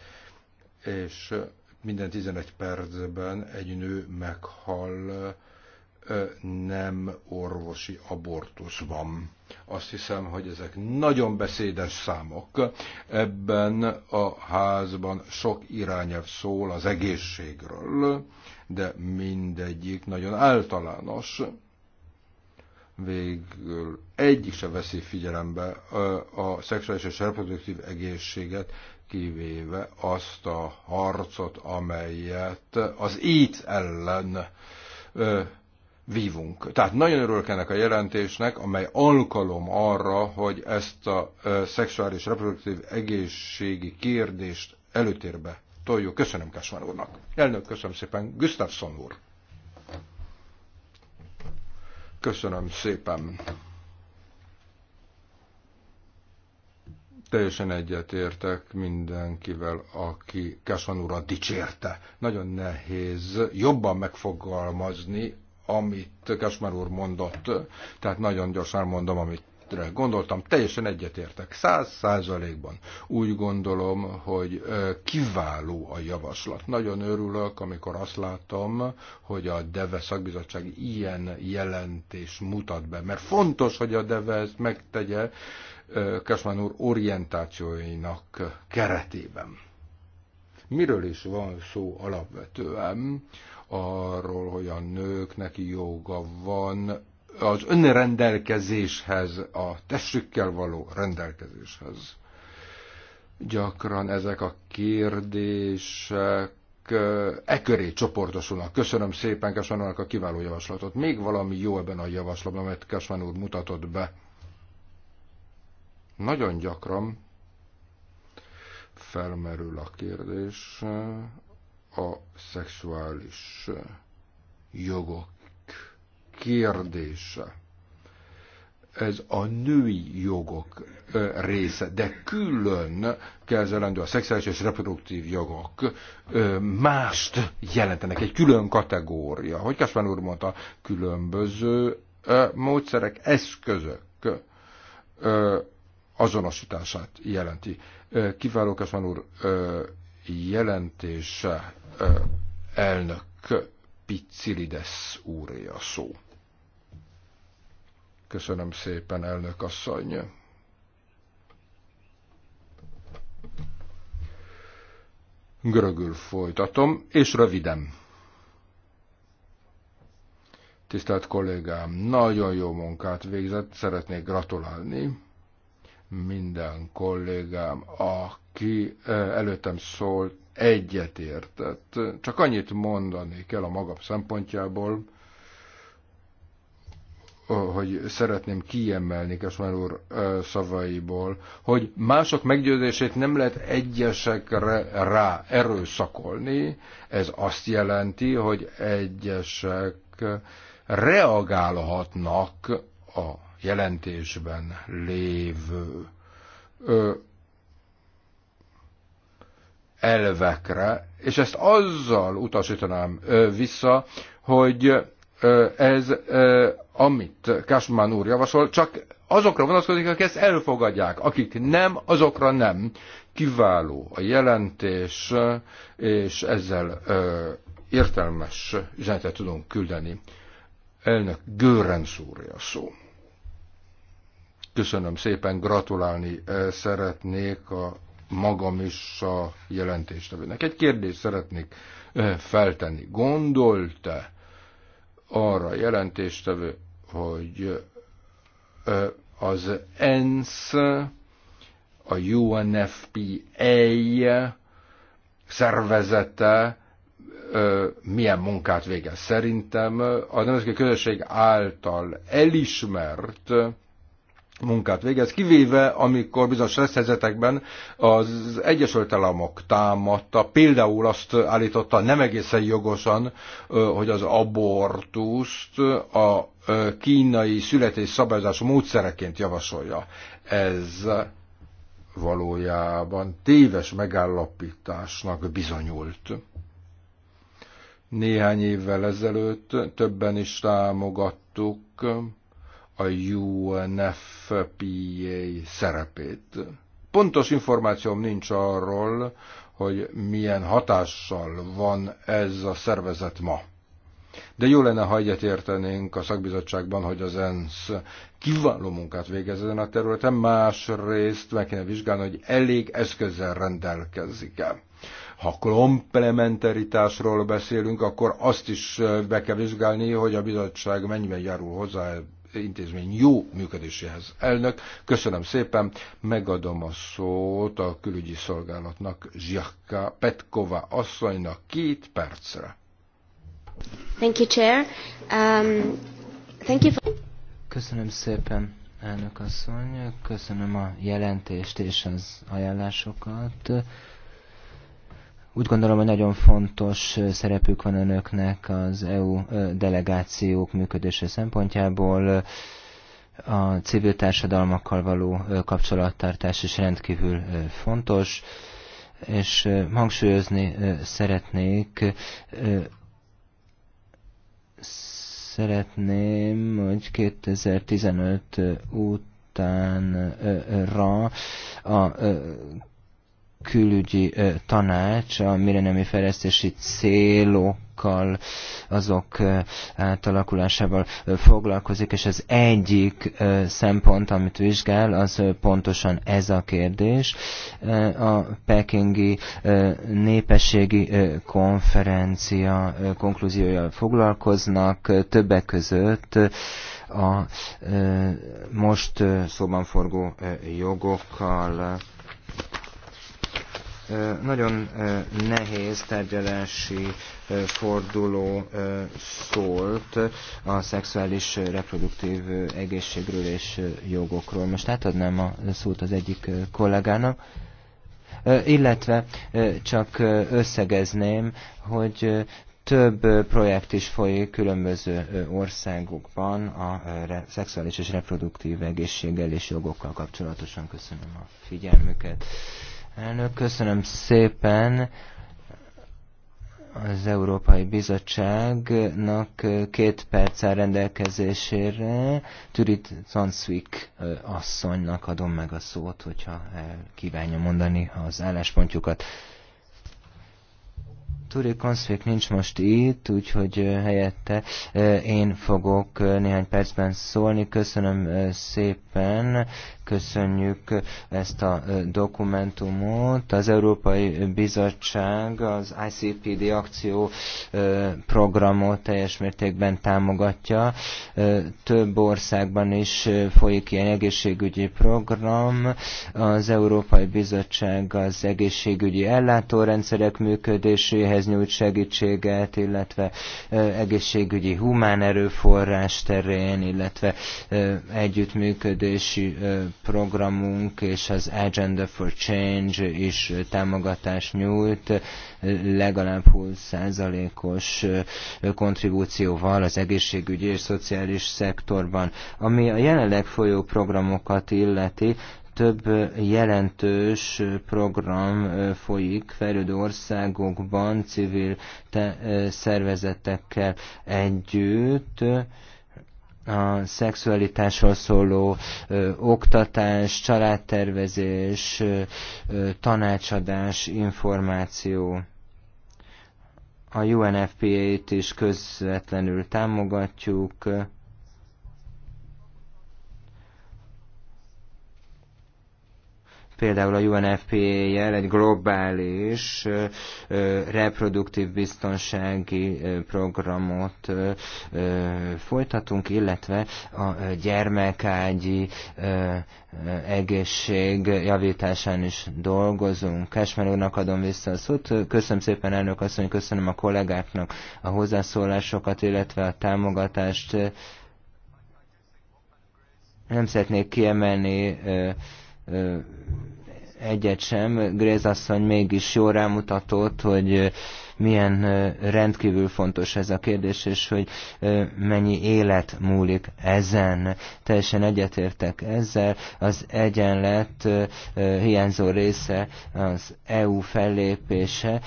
és minden 11 percben egy nő meghal nem orvosi abortusz van. Azt hiszem, hogy ezek nagyon beszédes számok. Ebben a házban sok irányelv szól az egészségről, de mindegyik nagyon általános. Végül egyik se veszi figyelembe a szexuális és reproduktív egészséget, kivéve azt a harcot, amelyet az ít ellen vívunk. Tehát nagyon örülök ennek a jelentésnek, amely alkalom arra, hogy ezt a szexuális reproduktív egészségi kérdést előtérbe toljuk. Köszönöm Kásmán úrnak. Elnök, köszönöm szépen. Gustafsson úr. Köszönöm szépen. Teljesen egyetértek mindenkivel, aki Kásmán úrra dicsérte. Nagyon nehéz jobban megfogalmazni amit Kasmár úr mondott, tehát nagyon gyorsan mondom, amit gondoltam, teljesen egyetértek, száz százalékban. Úgy gondolom, hogy kiváló a javaslat. Nagyon örülök, amikor azt látom, hogy a DEVE szakbizottság ilyen jelentés mutat be, mert fontos, hogy a DEVE ezt megtegye Kesman úr orientációinak keretében. Miről is van szó alapvetően? arról, hogy a nőknek joga van az önrendelkezéshez, a testükkel való rendelkezéshez. Gyakran ezek a kérdések e köré csoportosulnak. Köszönöm szépen Kesman a kiváló javaslatot. Még valami jó ebben a javaslatban, amit Kesman úr mutatott be. Nagyon gyakran felmerül a kérdés a szexuális jogok kérdése. Ez a női jogok része, de külön kezelendő a szexuális és reproduktív jogok mást jelentenek, egy külön kategória. Hogy Kaspán úr mondta, különböző módszerek, eszközök azonosítását jelenti. Kiváló Kaspán úr jelentése elnök Piccilides úré a szó. Köszönöm szépen, elnök asszony. Görögül folytatom, és röviden. Tisztelt kollégám, nagyon jó munkát végzett, szeretnék gratulálni minden kollégám, a aki előttem szólt, egyetértett. Csak annyit mondani kell a magam szempontjából, hogy szeretném kiemelni Kesmer úr szavaiból, hogy mások meggyőzését nem lehet egyesekre rá erőszakolni. Ez azt jelenti, hogy egyesek reagálhatnak a jelentésben lévő elvekre, és ezt azzal utasítanám vissza, hogy ez, amit Kásmán úr javasol, csak azokra vonatkozik, akik ezt elfogadják, akik nem, azokra nem. Kiváló a jelentés, és ezzel értelmes üzenetet tudunk küldeni. Elnök Görenc úrja szó. Köszönöm szépen, gratulálni szeretnék a magam is a jelentéstevőnek. Egy kérdést szeretnék eh, feltenni. Gondolta arra a jelentéstevő, hogy eh, az ENSZ, a UNFPA szervezete eh, milyen munkát végez. Szerintem a nemzetközi közösség által elismert munkát végez, kivéve amikor bizonyos stresszhelyzetekben az Egyesült Államok támadta, például azt állította nem egészen jogosan, hogy az abortuszt a kínai születés szabályozás módszereként javasolja. Ez valójában téves megállapításnak bizonyult. Néhány évvel ezelőtt többen is támogattuk a UNFPA szerepét. Pontos információm nincs arról, hogy milyen hatással van ez a szervezet ma. De jó lenne, ha értenénk a szakbizottságban, hogy az ENSZ kiváló munkát végez ezen a területen, másrészt meg kéne vizsgálni, hogy elég eszközzel rendelkezik-e. Ha komplementaritásról beszélünk, akkor azt is be kell vizsgálni, hogy a bizottság mennyiben járul hozzá intézmény jó működéséhez. Elnök, köszönöm szépen, megadom a szót a külügyi szolgálatnak, Zsiakka Petkova asszonynak két percre. Thank you, Chair. Um, thank you for... Köszönöm szépen, elnök asszony, köszönöm a jelentést és az ajánlásokat. Úgy gondolom, hogy nagyon fontos szerepük van önöknek az EU delegációk működése szempontjából. A civil társadalmakkal való kapcsolattartás is rendkívül fontos, és hangsúlyozni szeretnék szeretném, hogy 2015 utánra a külügyi tanács a mirenemi fejlesztési célokkal azok átalakulásával foglalkozik, és az egyik szempont, amit vizsgál, az pontosan ez a kérdés. A pekingi népességi konferencia konklúziójával foglalkoznak, többek között a most szóban forgó jogokkal nagyon nehéz tárgyalási forduló szólt a szexuális reproduktív egészségről és jogokról. Most átadnám a szót az egyik kollégának illetve csak összegezném, hogy több projekt is folyik különböző országokban a szexuális és reproduktív egészséggel és jogokkal kapcsolatosan. Köszönöm a figyelmüket. Elnök, köszönöm szépen az Európai Bizottságnak két perc áll rendelkezésére. Türit Zanszvik asszonynak adom meg a szót, hogyha el kívánja mondani az álláspontjukat. Turi Konszvik nincs most itt, úgyhogy helyette én fogok néhány percben szólni. Köszönöm szépen Köszönjük ezt a dokumentumot. Az Európai Bizottság az ICPD akció programot teljes mértékben támogatja. Több országban is folyik ilyen egészségügyi program. Az Európai Bizottság az egészségügyi ellátórendszerek működéséhez nyújt segítséget, illetve egészségügyi humán erőforrás terén, illetve együttműködési programunk és az Agenda for Change is támogatást nyújt, legalább 20%-os kontribúcióval az egészségügyi és szociális szektorban. Ami a jelenleg folyó programokat illeti, több jelentős program folyik fejlődő országokban civil szervezetekkel együtt, a szexualitásról szóló ö, oktatás, családtervezés, ö, ö, tanácsadás, információ. A UNFPA-t is közvetlenül támogatjuk. Ö, például a UNFPA-jel egy globális reproduktív biztonsági programot folytatunk, illetve a gyermekágyi egészség javításán is dolgozunk. Kesmer úrnak adom vissza a szót. Köszönöm szépen, elnök asszony, köszönöm a kollégáknak a hozzászólásokat, illetve a támogatást. Nem szeretnék kiemelni egyet sem. Gréz asszony mégis jól rámutatott, hogy milyen rendkívül fontos ez a kérdés, és hogy mennyi élet múlik ezen. Teljesen egyetértek ezzel. Az egyenlet hiányzó része az EU fellépése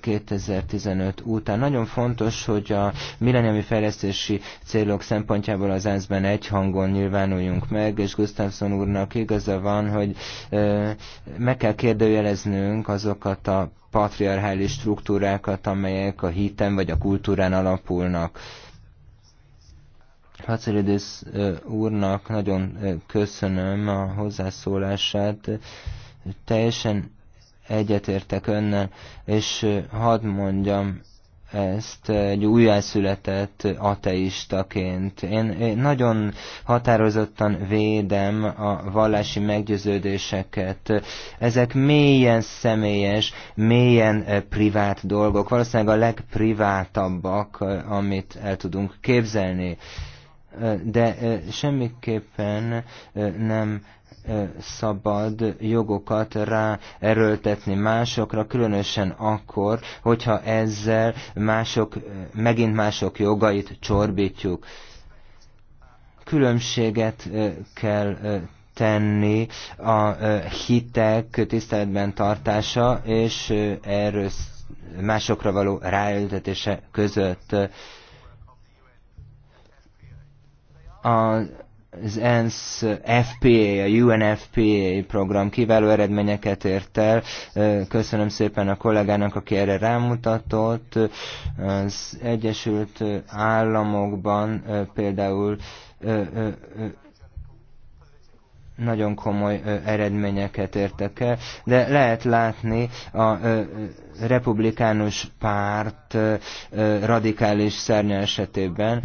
2015 után. Nagyon fontos, hogy a milleniumi fejlesztési célok szempontjából az ENSZ-ben egy hangon nyilvánuljunk meg, és Gustafsson úrnak igaza van, hogy meg kell kérdőjeleznünk azokat a patriarchális struktúrákat, amelyek a hiten vagy a kultúrán alapulnak. Haceridis úrnak nagyon köszönöm a hozzászólását. Teljesen egyetértek önnel, és hadd mondjam ezt egy újjászületett ateistaként. Én, én nagyon határozottan védem a vallási meggyőződéseket. Ezek mélyen személyes, mélyen eh, privát dolgok, valószínűleg a legprivátabbak, eh, amit el tudunk képzelni. Eh, de semmiképpen nem szabad jogokat rá erőltetni másokra, különösen akkor, hogyha ezzel mások, megint mások jogait csorbítjuk. Különbséget kell tenni a hitek tiszteletben tartása és erről másokra való ráültetése között. A az ENSZ FPA, a UNFPA program kiváló eredményeket ért el. Köszönöm szépen a kollégának, aki erre rámutatott. Az Egyesült Államokban például nagyon komoly eredményeket értek el, de lehet látni a republikánus párt radikális szárnya esetében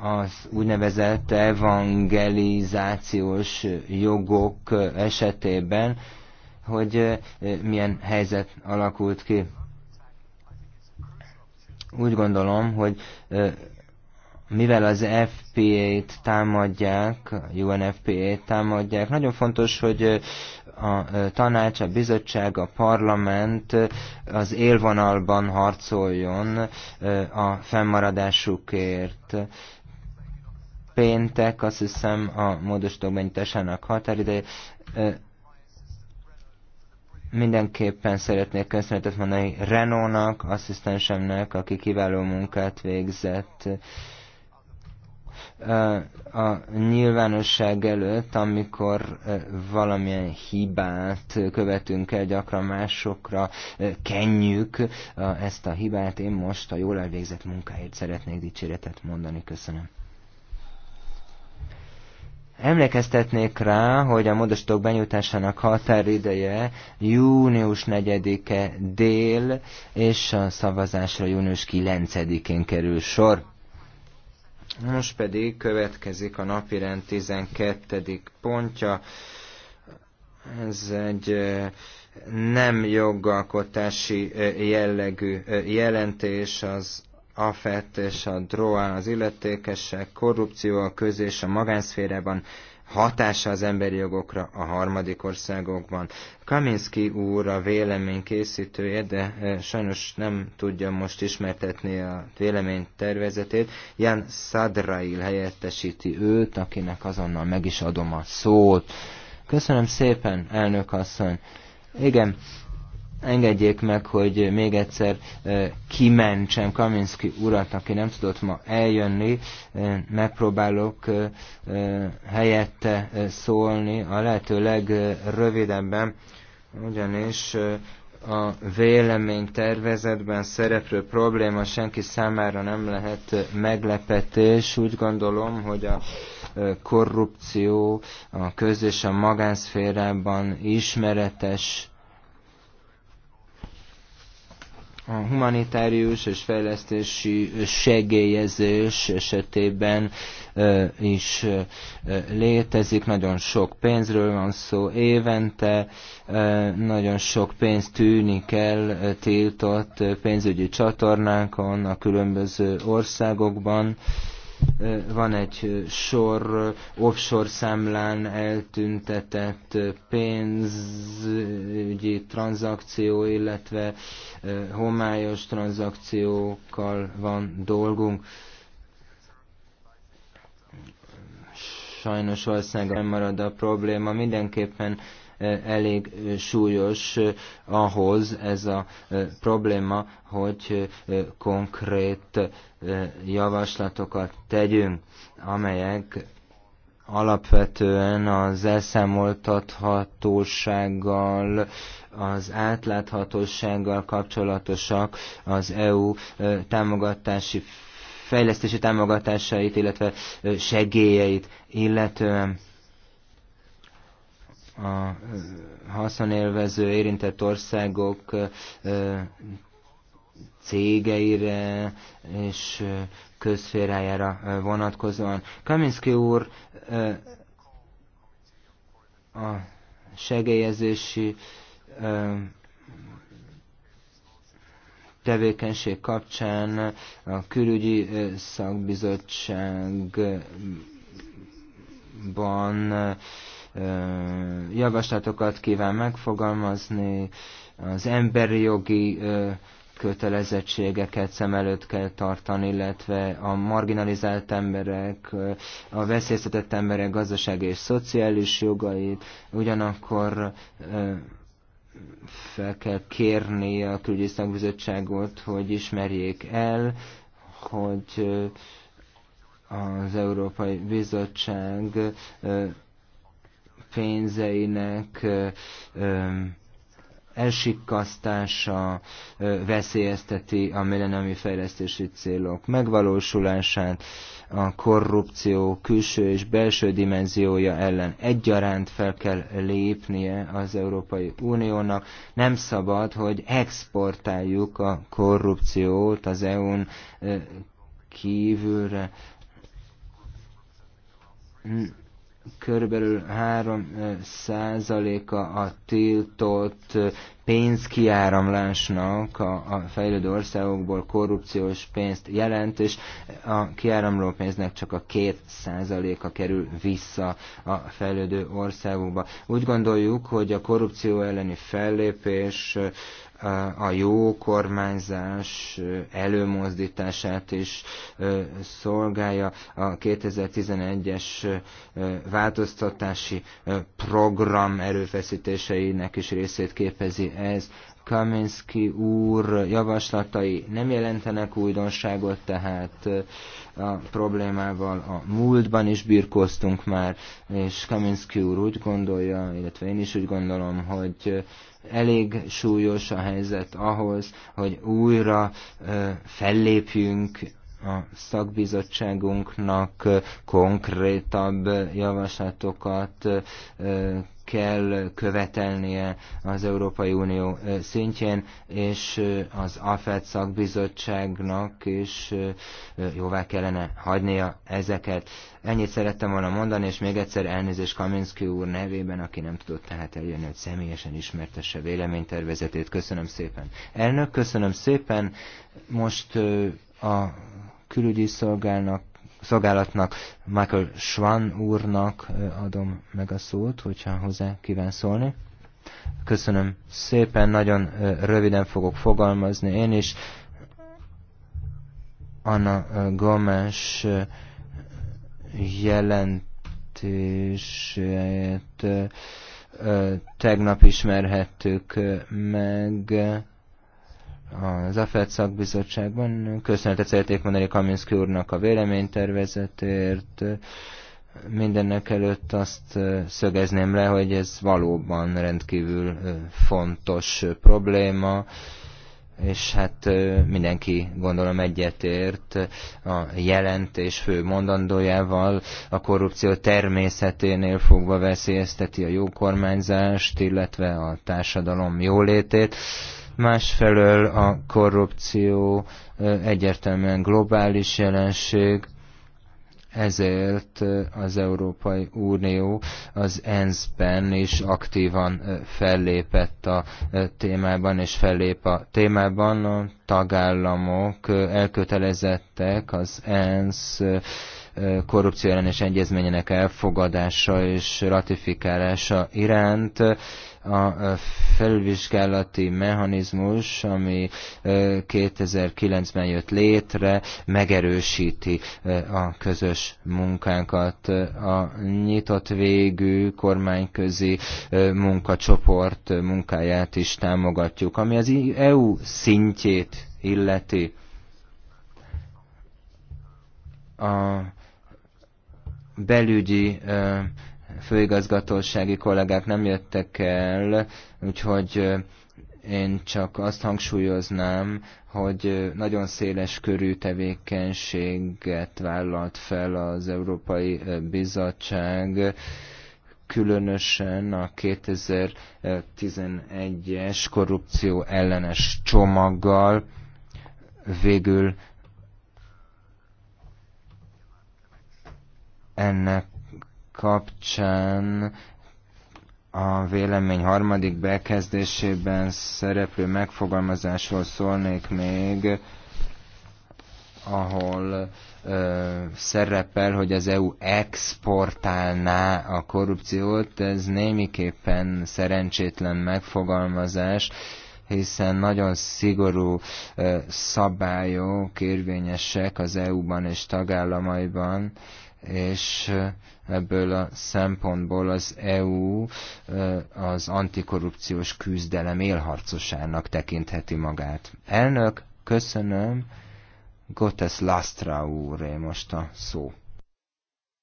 az úgynevezett evangelizációs jogok esetében, hogy milyen helyzet alakult ki. Úgy gondolom, hogy mivel az FPA-t támadják, UNFPA-t támadják, nagyon fontos, hogy a tanács, a bizottság, a parlament az élvonalban harcoljon a fennmaradásukért péntek, azt hiszem a módosítók benyújtásának határideje. Mindenképpen szeretnék köszönetet mondani Renónak, asszisztensemnek, aki kiváló munkát végzett a nyilvánosság előtt, amikor valamilyen hibát követünk el, gyakran másokra kenjük ezt a hibát. Én most a jól elvégzett munkáért szeretnék dicséretet mondani. Köszönöm. Emlékeztetnék rá, hogy a módosítók benyújtásának határideje június 4-e dél, és a szavazásra június 9-én kerül sor. Most pedig következik a napirend 12. pontja. Ez egy nem jogalkotási jellegű jelentés az AFET és a DROA az illetékesek, korrupció a köz és a magánszférában, hatása az emberi jogokra a harmadik országokban. Kaminski úr a vélemény készítője, de e, sajnos nem tudja most ismertetni a vélemény tervezetét. Jan Sadrail helyettesíti őt, akinek azonnal meg is adom a szót. Köszönöm szépen, elnök asszony. Igen, engedjék meg, hogy még egyszer eh, kimentsem Kaminski urat, aki nem tudott ma eljönni. Eh, megpróbálok eh, helyette szólni a lehető legrövidebben, ugyanis a vélemény tervezetben szereplő probléma senki számára nem lehet meglepetés. Úgy gondolom, hogy a korrupció a köz és a magánszférában ismeretes a humanitárius és fejlesztési segélyezés esetében is létezik. Nagyon sok pénzről van szó évente, nagyon sok pénz tűnik el tiltott pénzügyi csatornákon a különböző országokban. Van egy sor offshore számlán eltüntetett pénzügyi tranzakció, illetve homályos tranzakciókkal van dolgunk. Sajnos valószínűleg nem marad a probléma. Mindenképpen elég súlyos eh, ahhoz ez a eh, probléma, hogy eh, konkrét javaslatokat tegyünk, amelyek alapvetően az elszámoltathatósággal, az átláthatósággal kapcsolatosak az EU támogatási fejlesztési támogatásait, illetve segélyeit illetően a haszonélvező érintett országok cégeire és közférájára vonatkozóan. Kaminski úr a segélyezési tevékenység kapcsán a külügyi szakbizottságban javaslatokat kíván megfogalmazni, az emberi jogi kötelezettségeket szem előtt kell tartani, illetve a marginalizált emberek, a veszélyeztetett emberek gazdasági és szociális jogait, ugyanakkor fel kell kérni a külügyi szakbizottságot, hogy ismerjék el, hogy az Európai Bizottság pénzeinek elsikkasztása veszélyezteti a millenniumi fejlesztési célok megvalósulását, a korrupció külső és belső dimenziója ellen egyaránt fel kell lépnie az Európai Uniónak. Nem szabad, hogy exportáljuk a korrupciót az EU-n kívülre körülbelül 3 százaléka a tiltott pénzkiáramlásnak a, a fejlődő országokból korrupciós pénzt jelent, és a kiáramló pénznek csak a 2 százaléka kerül vissza a fejlődő országokba. Úgy gondoljuk, hogy a korrupció elleni fellépés a jó kormányzás előmozdítását is szolgálja. A 2011-es változtatási program erőfeszítéseinek is részét képezi ez. Kaminski úr javaslatai nem jelentenek újdonságot, tehát a problémával a múltban is birkoztunk már, és Kaminski úr úgy gondolja, illetve én is úgy gondolom, hogy elég súlyos a helyzet ahhoz, hogy újra fellépjünk a szakbizottságunknak konkrétabb javaslatokat kell követelnie az Európai Unió szintjén, és az AFED szakbizottságnak is jóvá kellene hagynia ezeket. Ennyit szerettem volna mondani, és még egyszer elnézést Kaminski úr nevében, aki nem tudott tehát eljönni, hogy személyesen ismertesse véleménytervezetét. Köszönöm szépen. Elnök, köszönöm szépen. Most a külügyi szolgálnak szolgálatnak, Michael Schwan úrnak adom meg a szót, hogyha hozzá kíván szólni. Köszönöm szépen, nagyon röviden fogok fogalmazni én is. Anna Gomes jelentését tegnap ismerhettük meg az AFED szakbizottságban. Köszönetet szeretnék mondani Kaminski úrnak a véleménytervezetért. Mindennek előtt azt szögezném le, hogy ez valóban rendkívül fontos probléma, és hát mindenki gondolom egyetért a jelentés fő mondandójával, a korrupció természeténél fogva veszélyezteti a jó kormányzást, illetve a társadalom jólétét másfelől a korrupció egyértelműen globális jelenség, ezért az Európai Unió az ENSZ-ben is aktívan fellépett a témában, és fellép a témában a tagállamok elkötelezettek az ENSZ korrupció ellenes egyezményének elfogadása és ratifikálása iránt a felvizsgálati mechanizmus, ami 2009-ben jött létre, megerősíti a közös munkánkat. A nyitott végű kormányközi munkacsoport munkáját is támogatjuk, ami az EU szintjét illeti. A belügyi főigazgatósági kollégák nem jöttek el, úgyhogy én csak azt hangsúlyoznám, hogy nagyon széles körű tevékenységet vállalt fel az Európai Bizottság, különösen a 2011-es korrupció ellenes csomaggal végül ennek kapcsán a vélemény harmadik bekezdésében szereplő megfogalmazásról szólnék még, ahol ö, szerepel, hogy az EU exportálná a korrupciót, ez némiképpen szerencsétlen megfogalmazás, hiszen nagyon szigorú ö, szabályok érvényesek az EU-ban és tagállamaiban, és ö, Ebből a szempontból az EU eh, az antikorrupciós küzdelem élharcosának tekintheti magát. Elnök, köszönöm. Gotes Lastra úré most a szó.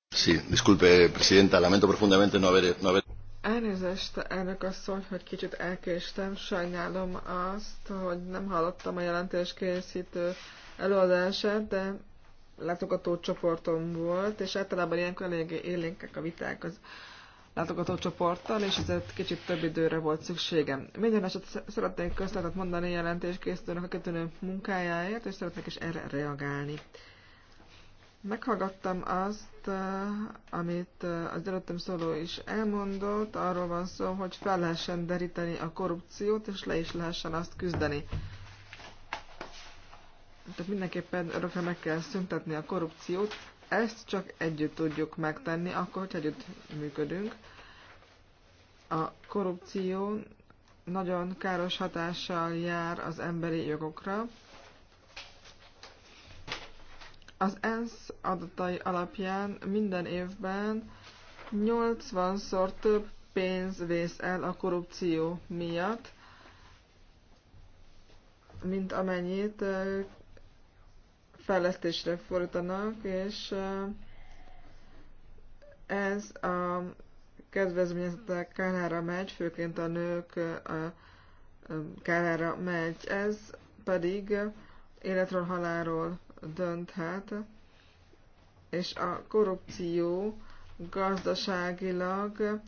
Sí, disculpe, presidenta, lamento profundamente no haber... No haber... Elnézést, elnök asszony, hogy kicsit elkéstem. Sajnálom azt, hogy nem hallottam a jelentéskészítő előadását, de látogató csoportom volt, és általában ilyenkor elég élénkek a viták az látogató csoporttal, és ezért kicsit több időre volt szükségem. Minden eset szeretnék köszönetet mondani jelentéskészítőnek a kitűnő munkájáért, és szeretnék is erre reagálni. Meghallgattam azt, eh, amit eh, az előttem szóló is elmondott, arról van szó, hogy fel lehessen deríteni a korrupciót, és le is lehessen azt küzdeni tehát mindenképpen örökre meg kell szüntetni a korrupciót, ezt csak együtt tudjuk megtenni, akkor, hogy együtt működünk. A korrupció nagyon káros hatással jár az emberi jogokra. Az ENSZ adatai alapján minden évben 80-szor több pénz vész el a korrupció miatt, mint amennyit fejlesztésre fordítanak, és ez a kedvezményezetek kárára megy, főként a nők kárára megy. Ez pedig életről haláról dönthet, és a korrupció gazdaságilag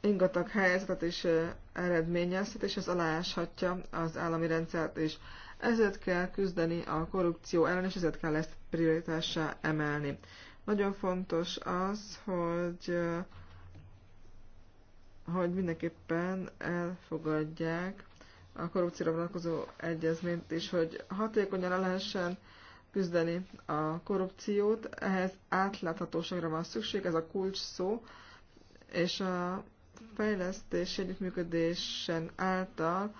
ingatag helyzetet is eredményezhet, és ez aláshatja az állami rendszert is. Ezért kell küzdeni a korrupció ellen, és ezért kell ezt prioritássá emelni. Nagyon fontos az, hogy, eh, hogy mindenképpen elfogadják a korrupcióra vonatkozó egyezményt, és hogy hatékonyan lehessen küzdeni a korrupciót, ehhez átláthatóságra van szükség, ez a kulcs szó, és a fejlesztés együttműködésen által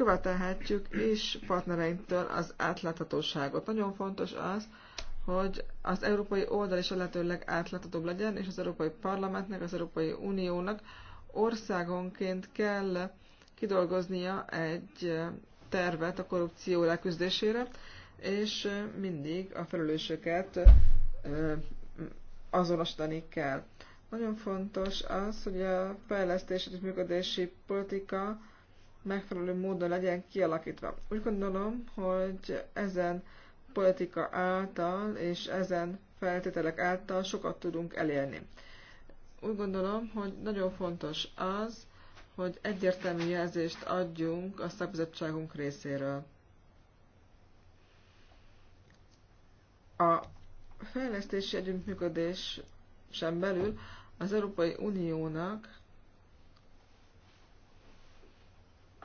követelhetjük is partnereinktől az átláthatóságot. Nagyon fontos az, hogy az európai oldal is a lehetőleg átláthatóbb legyen, és az Európai Parlamentnek, az Európai Uniónak országonként kell kidolgoznia egy tervet a korrupció leküzdésére, és mindig a felelősöket azonosítani kell. Nagyon fontos az, hogy a fejlesztés és működési politika megfelelő módon legyen kialakítva. Úgy gondolom, hogy ezen politika által és ezen feltételek által sokat tudunk elérni. Úgy gondolom, hogy nagyon fontos az, hogy egyértelmű jelzést adjunk a szakbizottságunk részéről. A fejlesztési együttműködés sem belül az Európai Uniónak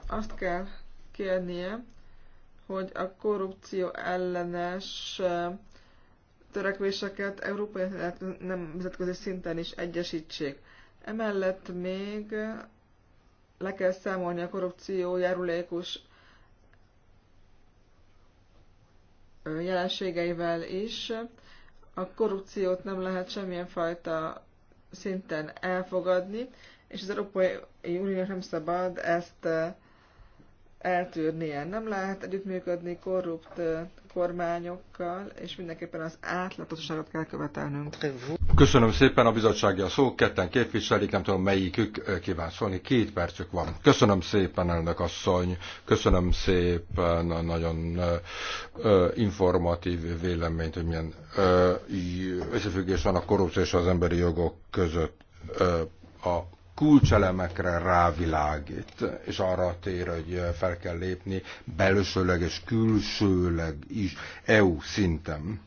azt kell kérnie, hogy a korrupció ellenes törekvéseket európai, nem nemzetközi szinten is egyesítsék. Emellett még le kell számolni a korrupció járulékos jelenségeivel is. A korrupciót nem lehet semmilyen fajta szinten elfogadni, és az Európai Uniónak nem szabad ezt eltűrnie. Nem lehet együttműködni korrupt kormányokkal, és mindenképpen az átlatosságot kell követelnünk. Köszönöm szépen a bizottsági a szó, ketten képviselik, nem tudom melyikük kíván szólni, két percük van. Köszönöm szépen, elnök asszony, köszönöm szépen a nagyon ö, informatív véleményt, hogy milyen ö, összefüggés van a korrupció és az emberi jogok között. Ö, a kulcselemekre rávilágít, és arra tér, hogy fel kell lépni belsőleg és külsőleg is EU szinten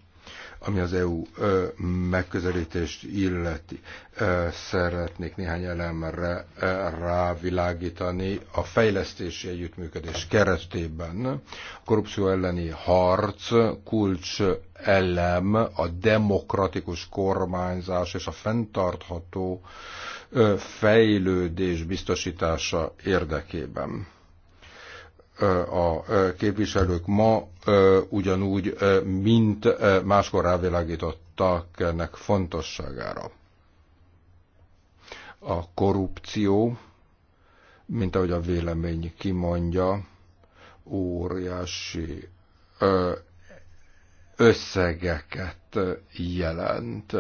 ami az EU ö, megközelítést illeti. Ö, szeretnék néhány elemre ö, rávilágítani a fejlesztési együttműködés keretében. A korrupció elleni harc kulcs elem a demokratikus kormányzás és a fenntartható fejlődés biztosítása érdekében. A képviselők ma ugyanúgy, mint máskor rávilágítottak ennek fontosságára. A korrupció, mint ahogy a vélemény kimondja, óriási összegeket jelent.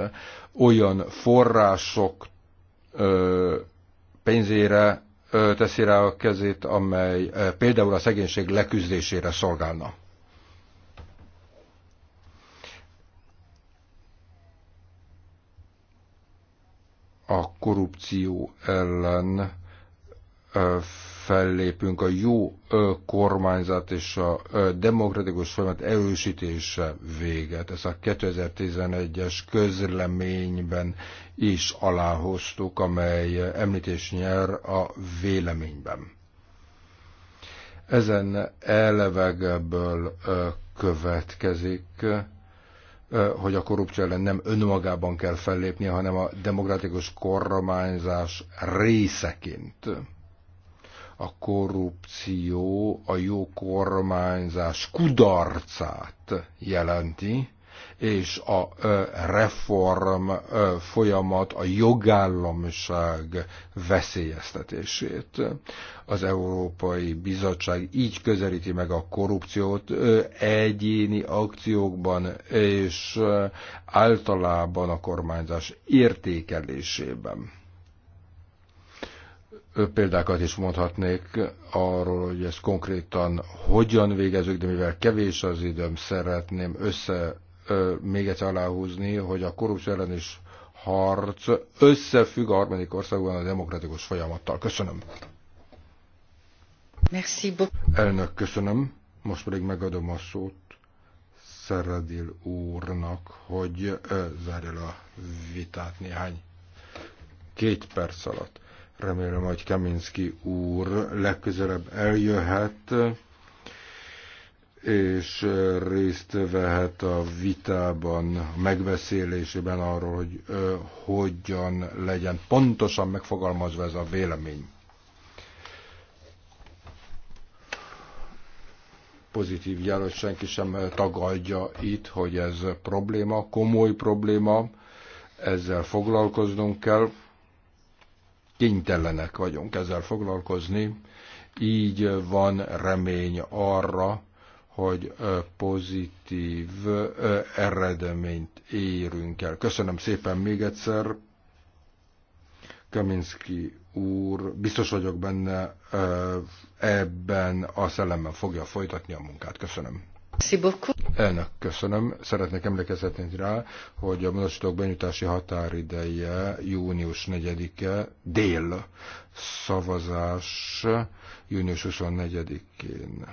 Olyan források pénzére teszi rá a kezét, amely például a szegénység leküzdésére szolgálna. A korrupció ellen fellépünk a jó kormányzat és a demokratikus folyamat erősítése véget. Ezt a 2011-es közleményben is aláhoztuk, amely említés nyer a véleményben. Ezen elevekből következik, hogy a korrupció ellen nem önmagában kell fellépni, hanem a demokratikus kormányzás részeként a korrupció a jó kormányzás kudarcát jelenti, és a reform folyamat a jogállamiság veszélyeztetését. Az Európai Bizottság így közelíti meg a korrupciót egyéni akciókban és általában a kormányzás értékelésében példákat is mondhatnék arról, hogy ezt konkrétan hogyan végezzük, de mivel kevés az időm, szeretném össze még egyszer aláhúzni, hogy a korrupció ellen is harc összefügg a harmadik országban a demokratikus folyamattal. Köszönöm. Merci Elnök, köszönöm. Most pedig megadom a szót Szeredil úrnak, hogy zárja a vitát néhány két perc alatt. Remélem, hogy Kaminski úr legközelebb eljöhet, és részt vehet a vitában, a megbeszélésében arról, hogy hogyan legyen pontosan megfogalmazva ez a vélemény. Pozitív jelölt senki sem tagadja itt, hogy ez probléma, komoly probléma, ezzel foglalkoznunk kell kénytelenek vagyunk ezzel foglalkozni, így van remény arra, hogy pozitív eredményt érünk el. Köszönöm szépen még egyszer. Kaminski úr, biztos vagyok benne, ebben a szellemben fogja folytatni a munkát. Köszönöm. Elnök, köszönöm. Szeretnék emlékezetni rá, hogy a módosítók benyújtási határideje június 4-e dél szavazás június 24-én.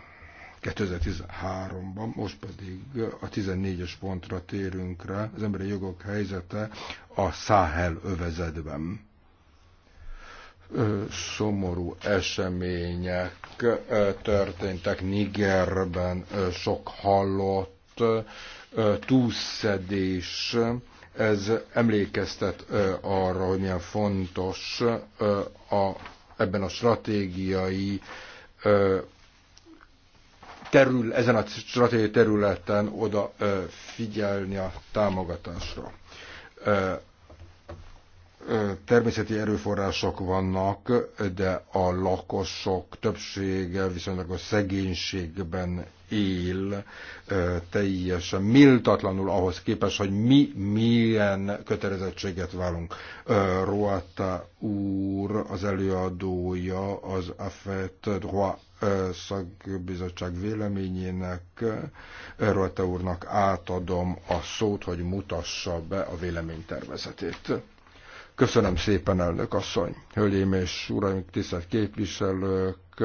2013-ban, most pedig a 14-es pontra térünk rá, az emberi jogok helyzete a Száhel övezetben szomorú események történtek Nigerben, sok halott, túlszedés, ez emlékeztet arra, hogy milyen fontos a, ebben a stratégiai terül, ezen a stratégiai területen oda figyelni a támogatásra természeti erőforrások vannak, de a lakosok többsége viszonylag a szegénységben él teljesen méltatlanul ahhoz képest, hogy mi milyen kötelezettséget válunk. Roata úr, az előadója az AFET Droit szakbizottság véleményének. Roata úrnak átadom a szót, hogy mutassa be a véleménytervezetét. Köszönöm szépen, elnök asszony, hölgyeim és uraim, tisztelt képviselők,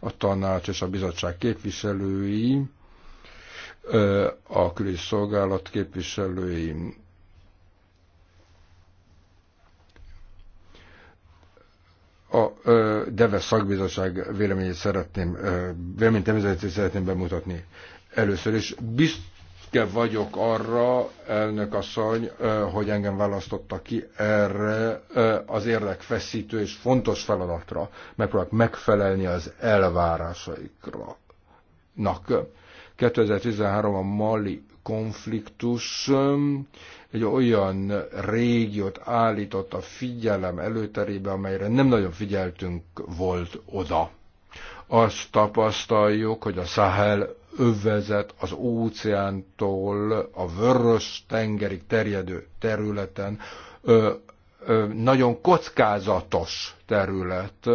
a tanács és a bizottság képviselői, a külügyi szolgálat képviselői, a Deves szakbizottság véleményét szeretném, véleményt szeretném bemutatni először, is biztos, büszke vagyok arra, elnök asszony, hogy engem választotta ki erre az érdekfeszítő és fontos feladatra. Megpróbálok megfelelni az elvárásaiknak. 2013 a Mali konfliktus egy olyan régiót állított a figyelem előterébe, amelyre nem nagyon figyeltünk volt oda. Azt tapasztaljuk, hogy a Sahel övezet az óceántól a vörös tengerig terjedő területen nagyon kockázatos terület,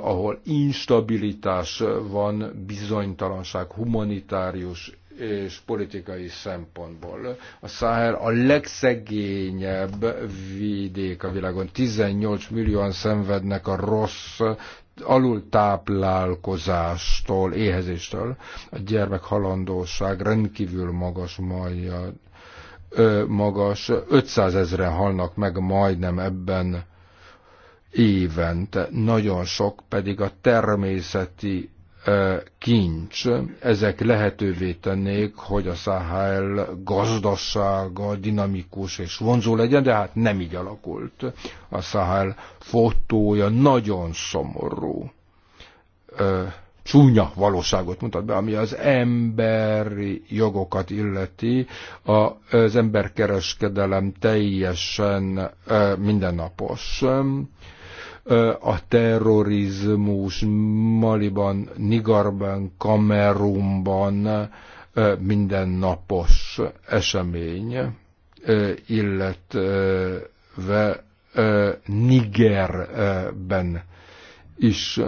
ahol instabilitás van, bizonytalanság, humanitárius és politikai szempontból. A Száhel a legszegényebb vidék a világon. 18 millióan szenvednek a rossz alultáplálkozástól, éhezéstől. A gyermek halandóság rendkívül magas majd magas, 500 ezeren halnak meg majdnem ebben évente, nagyon sok pedig a természeti kincs, ezek lehetővé tennék, hogy a Száhel gazdasága dinamikus és vonzó legyen, de hát nem így alakult. A Száhel fotója nagyon szomorú, csúnya valóságot mutat be, ami az emberi jogokat illeti, az emberkereskedelem teljesen mindennapos a terrorizmus Maliban, Nigarban, Kamerumban mindennapos esemény, illetve Nigerben is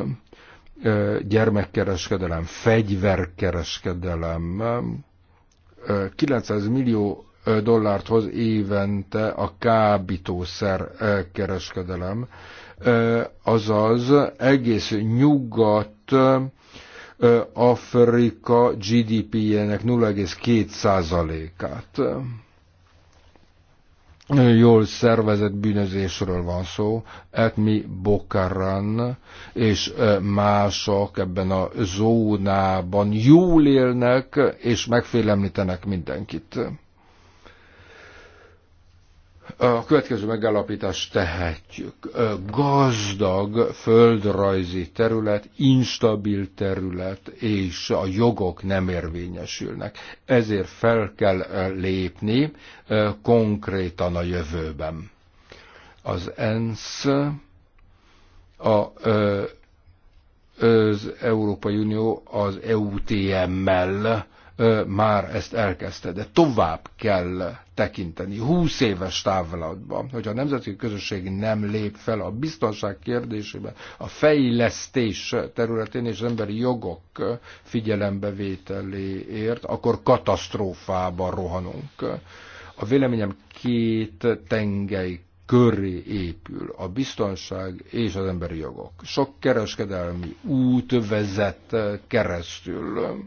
gyermekkereskedelem, fegyverkereskedelem, 900 millió dollárt hoz évente a kábítószer kereskedelem, azaz egész nyugat Afrika GDP-jének 0,2%-át. Jól szervezett bűnözésről van szó, Etmi Bokaran és mások ebben a zónában jól élnek és megfélemlítenek mindenkit a következő megállapítást tehetjük. Gazdag földrajzi terület, instabil terület, és a jogok nem érvényesülnek. Ezért fel kell lépni konkrétan a jövőben. Az ENSZ a az Európai Unió az EUTM-mel már ezt elkezdte, de tovább kell tekinteni, Húsz éves távlatban, hogy a nemzetközi közösség nem lép fel a biztonság kérdésében, a fejlesztés területén és az emberi jogok figyelembevételéért, akkor katasztrófába rohanunk. A véleményem két tengely köré épül a biztonság és az emberi jogok. Sok kereskedelmi út vezet keresztül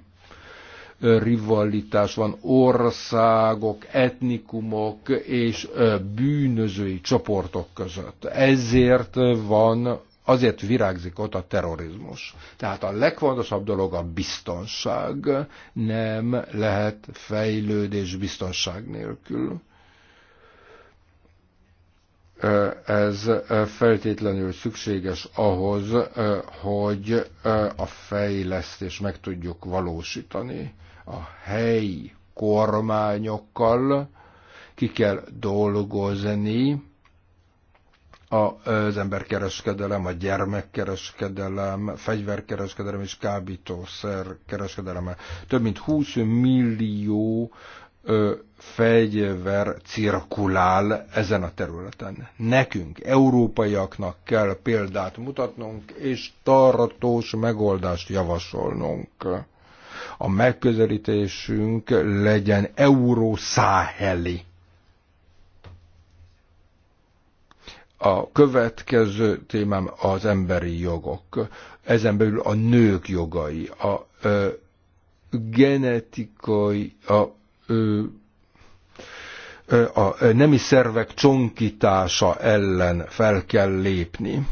rivalitás van országok, etnikumok és bűnözői csoportok között. Ezért van, azért virágzik ott a terrorizmus. Tehát a legfontosabb dolog a biztonság. Nem lehet fejlődés biztonság nélkül ez feltétlenül szükséges ahhoz, hogy a fejlesztést meg tudjuk valósítani a helyi kormányokkal ki kell dolgozni az emberkereskedelem, a gyermekkereskedelem, fegyverkereskedelem és kábítószer kereskedelem. Több mint 20 millió fegyver cirkulál ezen a területen. Nekünk, európaiaknak kell példát mutatnunk, és tartós megoldást javasolnunk a megközelítésünk legyen eurószáheli. A következő témám az emberi jogok. Ezen belül a nők jogai, a ö, genetikai, a, ö, a nemi szervek csonkítása ellen fel kell lépni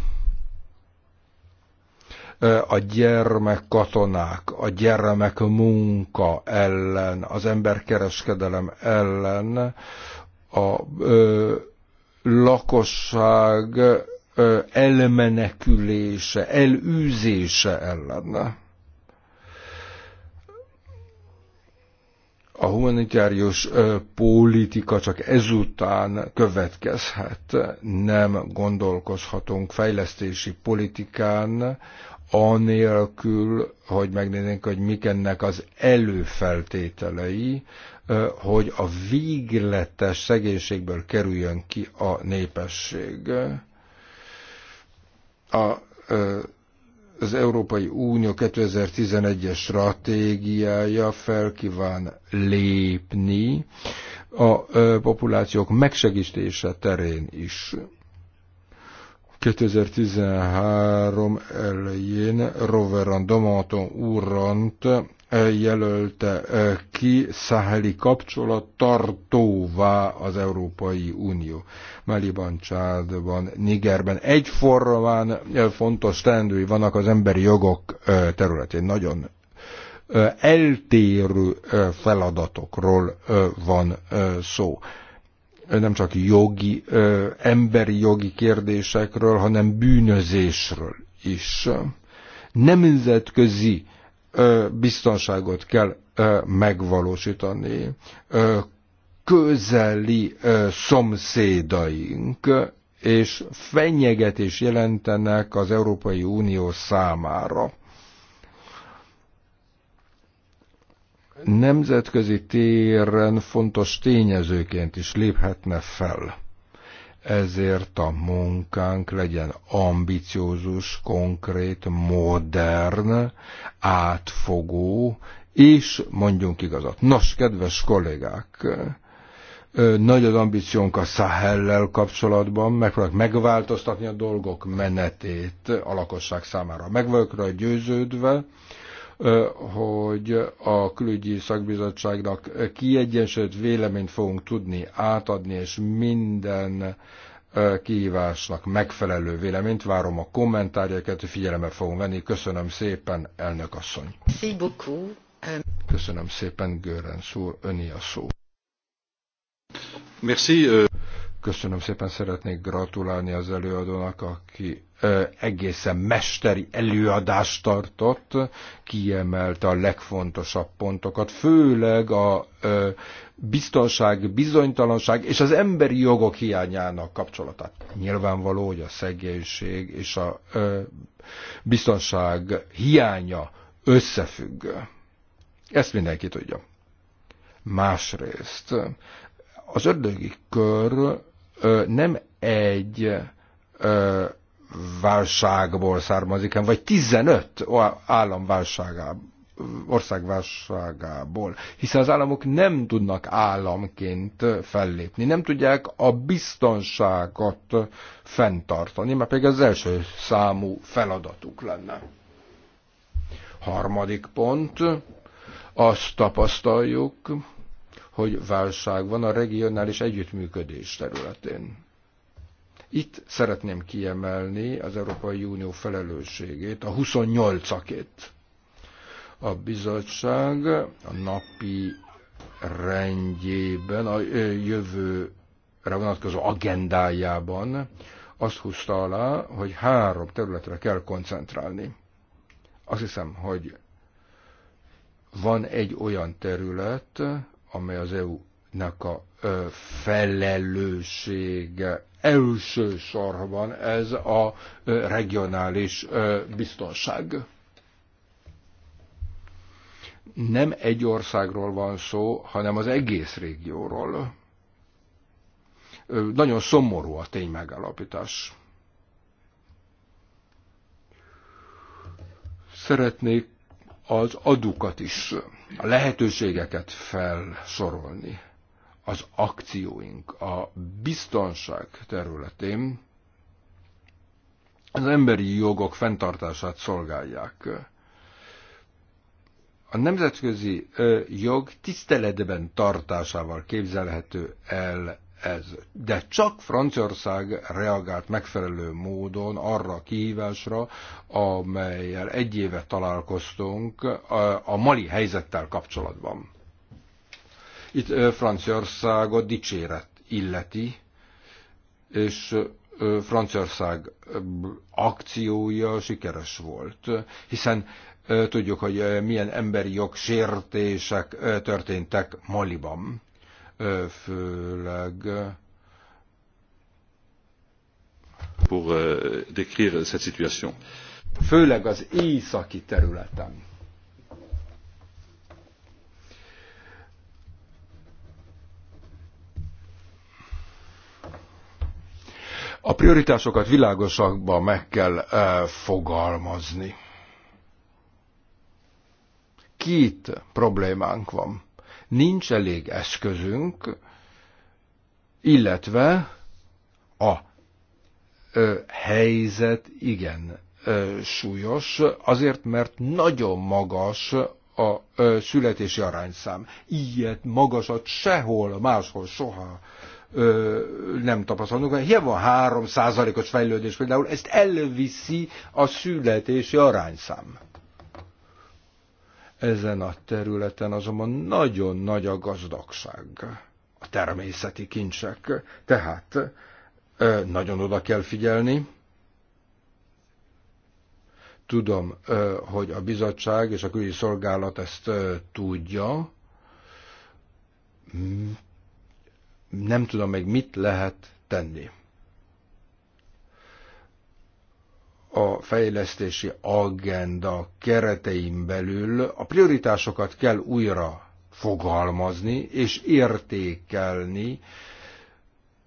a gyermekkatonák, a gyermekmunka ellen, az emberkereskedelem ellen, a ö, lakosság ö, elmenekülése, elűzése ellen. a humanitárius politika csak ezután következhet. Nem gondolkozhatunk fejlesztési politikán, anélkül, hogy megnéznénk, hogy mik ennek az előfeltételei, hogy a végletes szegénységből kerüljön ki a népesség. A, az Európai Unió 2011-es stratégiája felkíván lépni a populációk megsegítése terén is. 2013 elején Roveran Domaton úrant eh, jelölte eh, ki száheli kapcsolat tartóvá az Európai Unió. Maliban, Csádban, Nigerben egyformán eh, fontos teendői vannak az emberi jogok területén. Nagyon eltérő feladatokról van szó nem csak jogi, emberi jogi kérdésekről, hanem bűnözésről is. Nemzetközi biztonságot kell megvalósítani. Közeli szomszédaink és fenyegetés jelentenek az Európai Unió számára nemzetközi téren fontos tényezőként is léphetne fel. Ezért a munkánk legyen ambiciózus, konkrét, modern, átfogó, és mondjunk igazat. Nos, kedves kollégák, nagy az ambíciónk a Sahellel kapcsolatban, megpróbáljuk megváltoztatni a dolgok menetét a lakosság számára. Meg vagyok rá győződve, hogy a külügyi szakbizottságnak kiegyensúlyozott véleményt fogunk tudni átadni, és minden kihívásnak megfelelő véleményt. Várom a kommentárjaikat, figyelembe fogom venni. Köszönöm szépen, elnök asszony. Köszönöm szépen, Görenc úr, öni a szó. Merci. Euh. Köszönöm szépen, szeretnék gratulálni az előadónak, aki egészen mesteri előadást tartott, kiemelte a legfontosabb pontokat, főleg a biztonság, bizonytalanság és az emberi jogok hiányának kapcsolatát. Nyilvánvaló, hogy a szegénység és a biztonság hiánya összefügg. Ezt mindenki tudja. Másrészt az ördögi kör nem egy válságból származik, vagy 15 államválságából országválságából, hiszen az államok nem tudnak államként fellépni, nem tudják a biztonságot fenntartani, mert pedig az első számú feladatuk lenne. Harmadik pont, azt tapasztaljuk, hogy válság van a regionális együttműködés területén itt szeretném kiemelni az Európai Unió felelősségét, a 28-akét. A bizottság a napi rendjében, a jövőre vonatkozó agendájában azt húzta alá, hogy három területre kell koncentrálni. Azt hiszem, hogy van egy olyan terület, amely az EU-nak a felelősség elsősorban ez a regionális biztonság. Nem egy országról van szó, hanem az egész régióról. Nagyon szomorú a tény megállapítás. Szeretnék az adukat is, a lehetőségeket felsorolni az akcióink a biztonság területén az emberi jogok fenntartását szolgálják. A nemzetközi jog tiszteletben tartásával képzelhető el ez. De csak Franciaország reagált megfelelő módon arra a kihívásra, amelyel egy éve találkoztunk a mali helyzettel kapcsolatban. Itt Franciaországot dicséret illeti, és Franciaország akciója sikeres volt, hiszen tudjuk, hogy milyen emberi jogsértések történtek Maliban, főleg pour euh, décrire cette situation. Főleg az északi területen. A prioritásokat világosakban meg kell eh, fogalmazni. Két problémánk van. Nincs elég eszközünk, illetve a ö, helyzet igen ö, súlyos, azért mert nagyon magas a ö, születési arányszám. Ilyet magasat sehol máshol soha ö, nem tapasztalunk, hiába van 3 os fejlődés például, ezt elviszi a születési arányszám. Ezen a területen azonban nagyon nagy a gazdagság, a természeti kincsek. Tehát ö, nagyon oda kell figyelni, tudom, hogy a bizottság és a külügyi szolgálat ezt tudja nem tudom még mit lehet tenni. A fejlesztési agenda keretein belül a prioritásokat kell újra fogalmazni és értékelni,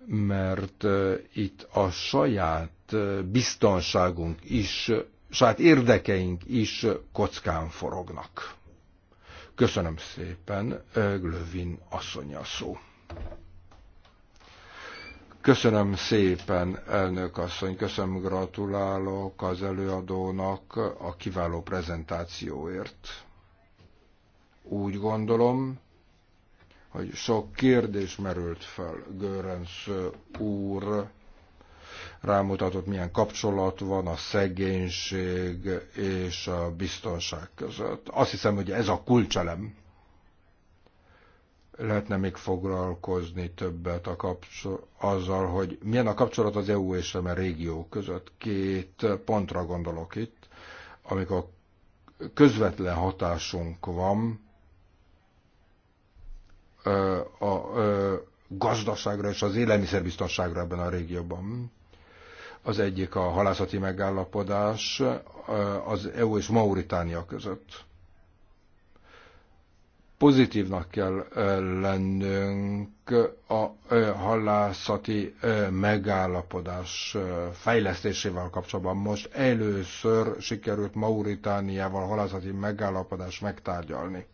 mert itt a saját biztonságunk is, saját érdekeink is kockán forognak. Köszönöm szépen, Glövin asszonya szó. Köszönöm szépen, elnök asszony, köszönöm, gratulálok az előadónak a kiváló prezentációért. Úgy gondolom, hogy sok kérdés merült fel. Görönsz úr rámutatott, milyen kapcsolat van a szegénység és a biztonság között. Azt hiszem, hogy ez a kulcselem lehetne még foglalkozni többet a kapcsol- azzal, hogy milyen a kapcsolat az EU és a e régió között. Két pontra gondolok itt, amikor közvetlen hatásunk van a gazdaságra és az élelmiszerbiztonságra ebben a régióban. Az egyik a halászati megállapodás az EU és Mauritánia között pozitívnak kell lennünk a halászati megállapodás fejlesztésével kapcsolatban. Most először sikerült Mauritániával halászati megállapodás megtárgyalni.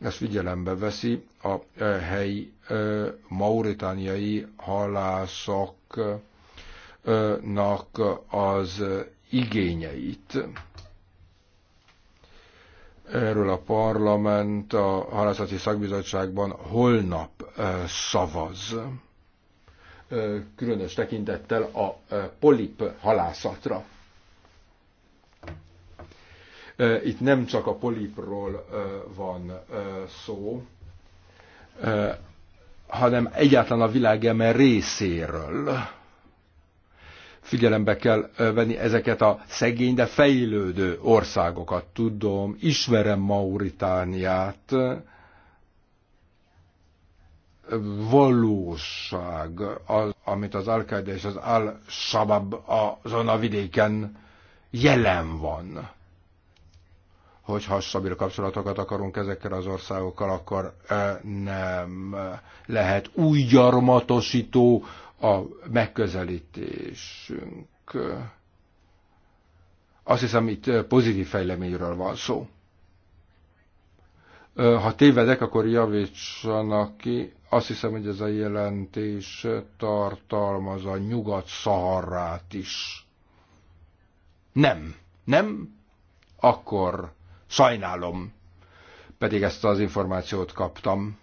Ezt figyelembe veszi a helyi mauritániai halászoknak az igényeit Erről a parlament a halászati szakbizottságban holnap szavaz különös tekintettel a polip halászatra. Itt nem csak a polipról van szó, hanem egyáltalán a világeme részéről Figyelembe kell venni ezeket a szegény, de fejlődő országokat. Tudom, ismerem Mauritániát, valóság, az, amit az al és az al shabab azon a vidéken jelen van. Hogyha stabil kapcsolatokat akarunk ezekkel az országokkal, akkor nem lehet új gyarmatosító a megközelítésünk. Azt hiszem, itt pozitív fejleményről van szó. Ha tévedek, akkor javítsanak ki. Azt hiszem, hogy ez a jelentés tartalmaz a nyugat-szaharrát is. Nem. Nem? Akkor sajnálom. Pedig ezt az információt kaptam.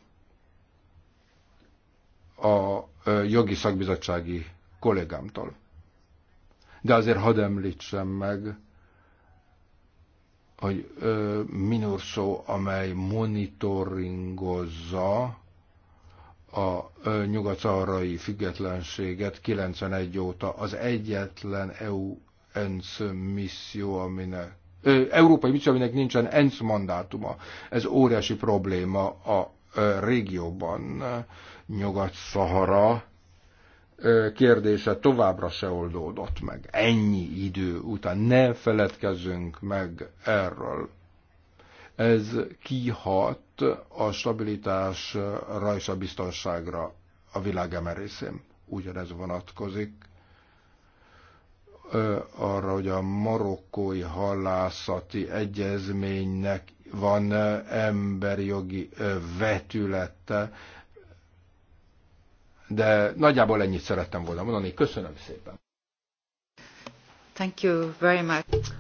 A jogi szakbizottsági kollégámtól. De azért hadd említsem meg, hogy Minurso, amely monitoringozza a nyugat függetlenséget 91 óta az egyetlen EU ENSZ misszió, aminek ö, európai misszió, aminek nincsen ENSZ mandátuma. Ez óriási probléma a ö, régióban. Nyugat-Szahara kérdése továbbra se oldódott meg. Ennyi idő után ne feledkezzünk meg erről. Ez kihat a stabilitásra és a biztonságra a világ emerészén. Ugyanez vonatkozik arra, hogy a marokkói halászati egyezménynek van emberi jogi vetülete, de nagyjából ennyit szerettem volna mondani. Köszönöm szépen. Thank you very much.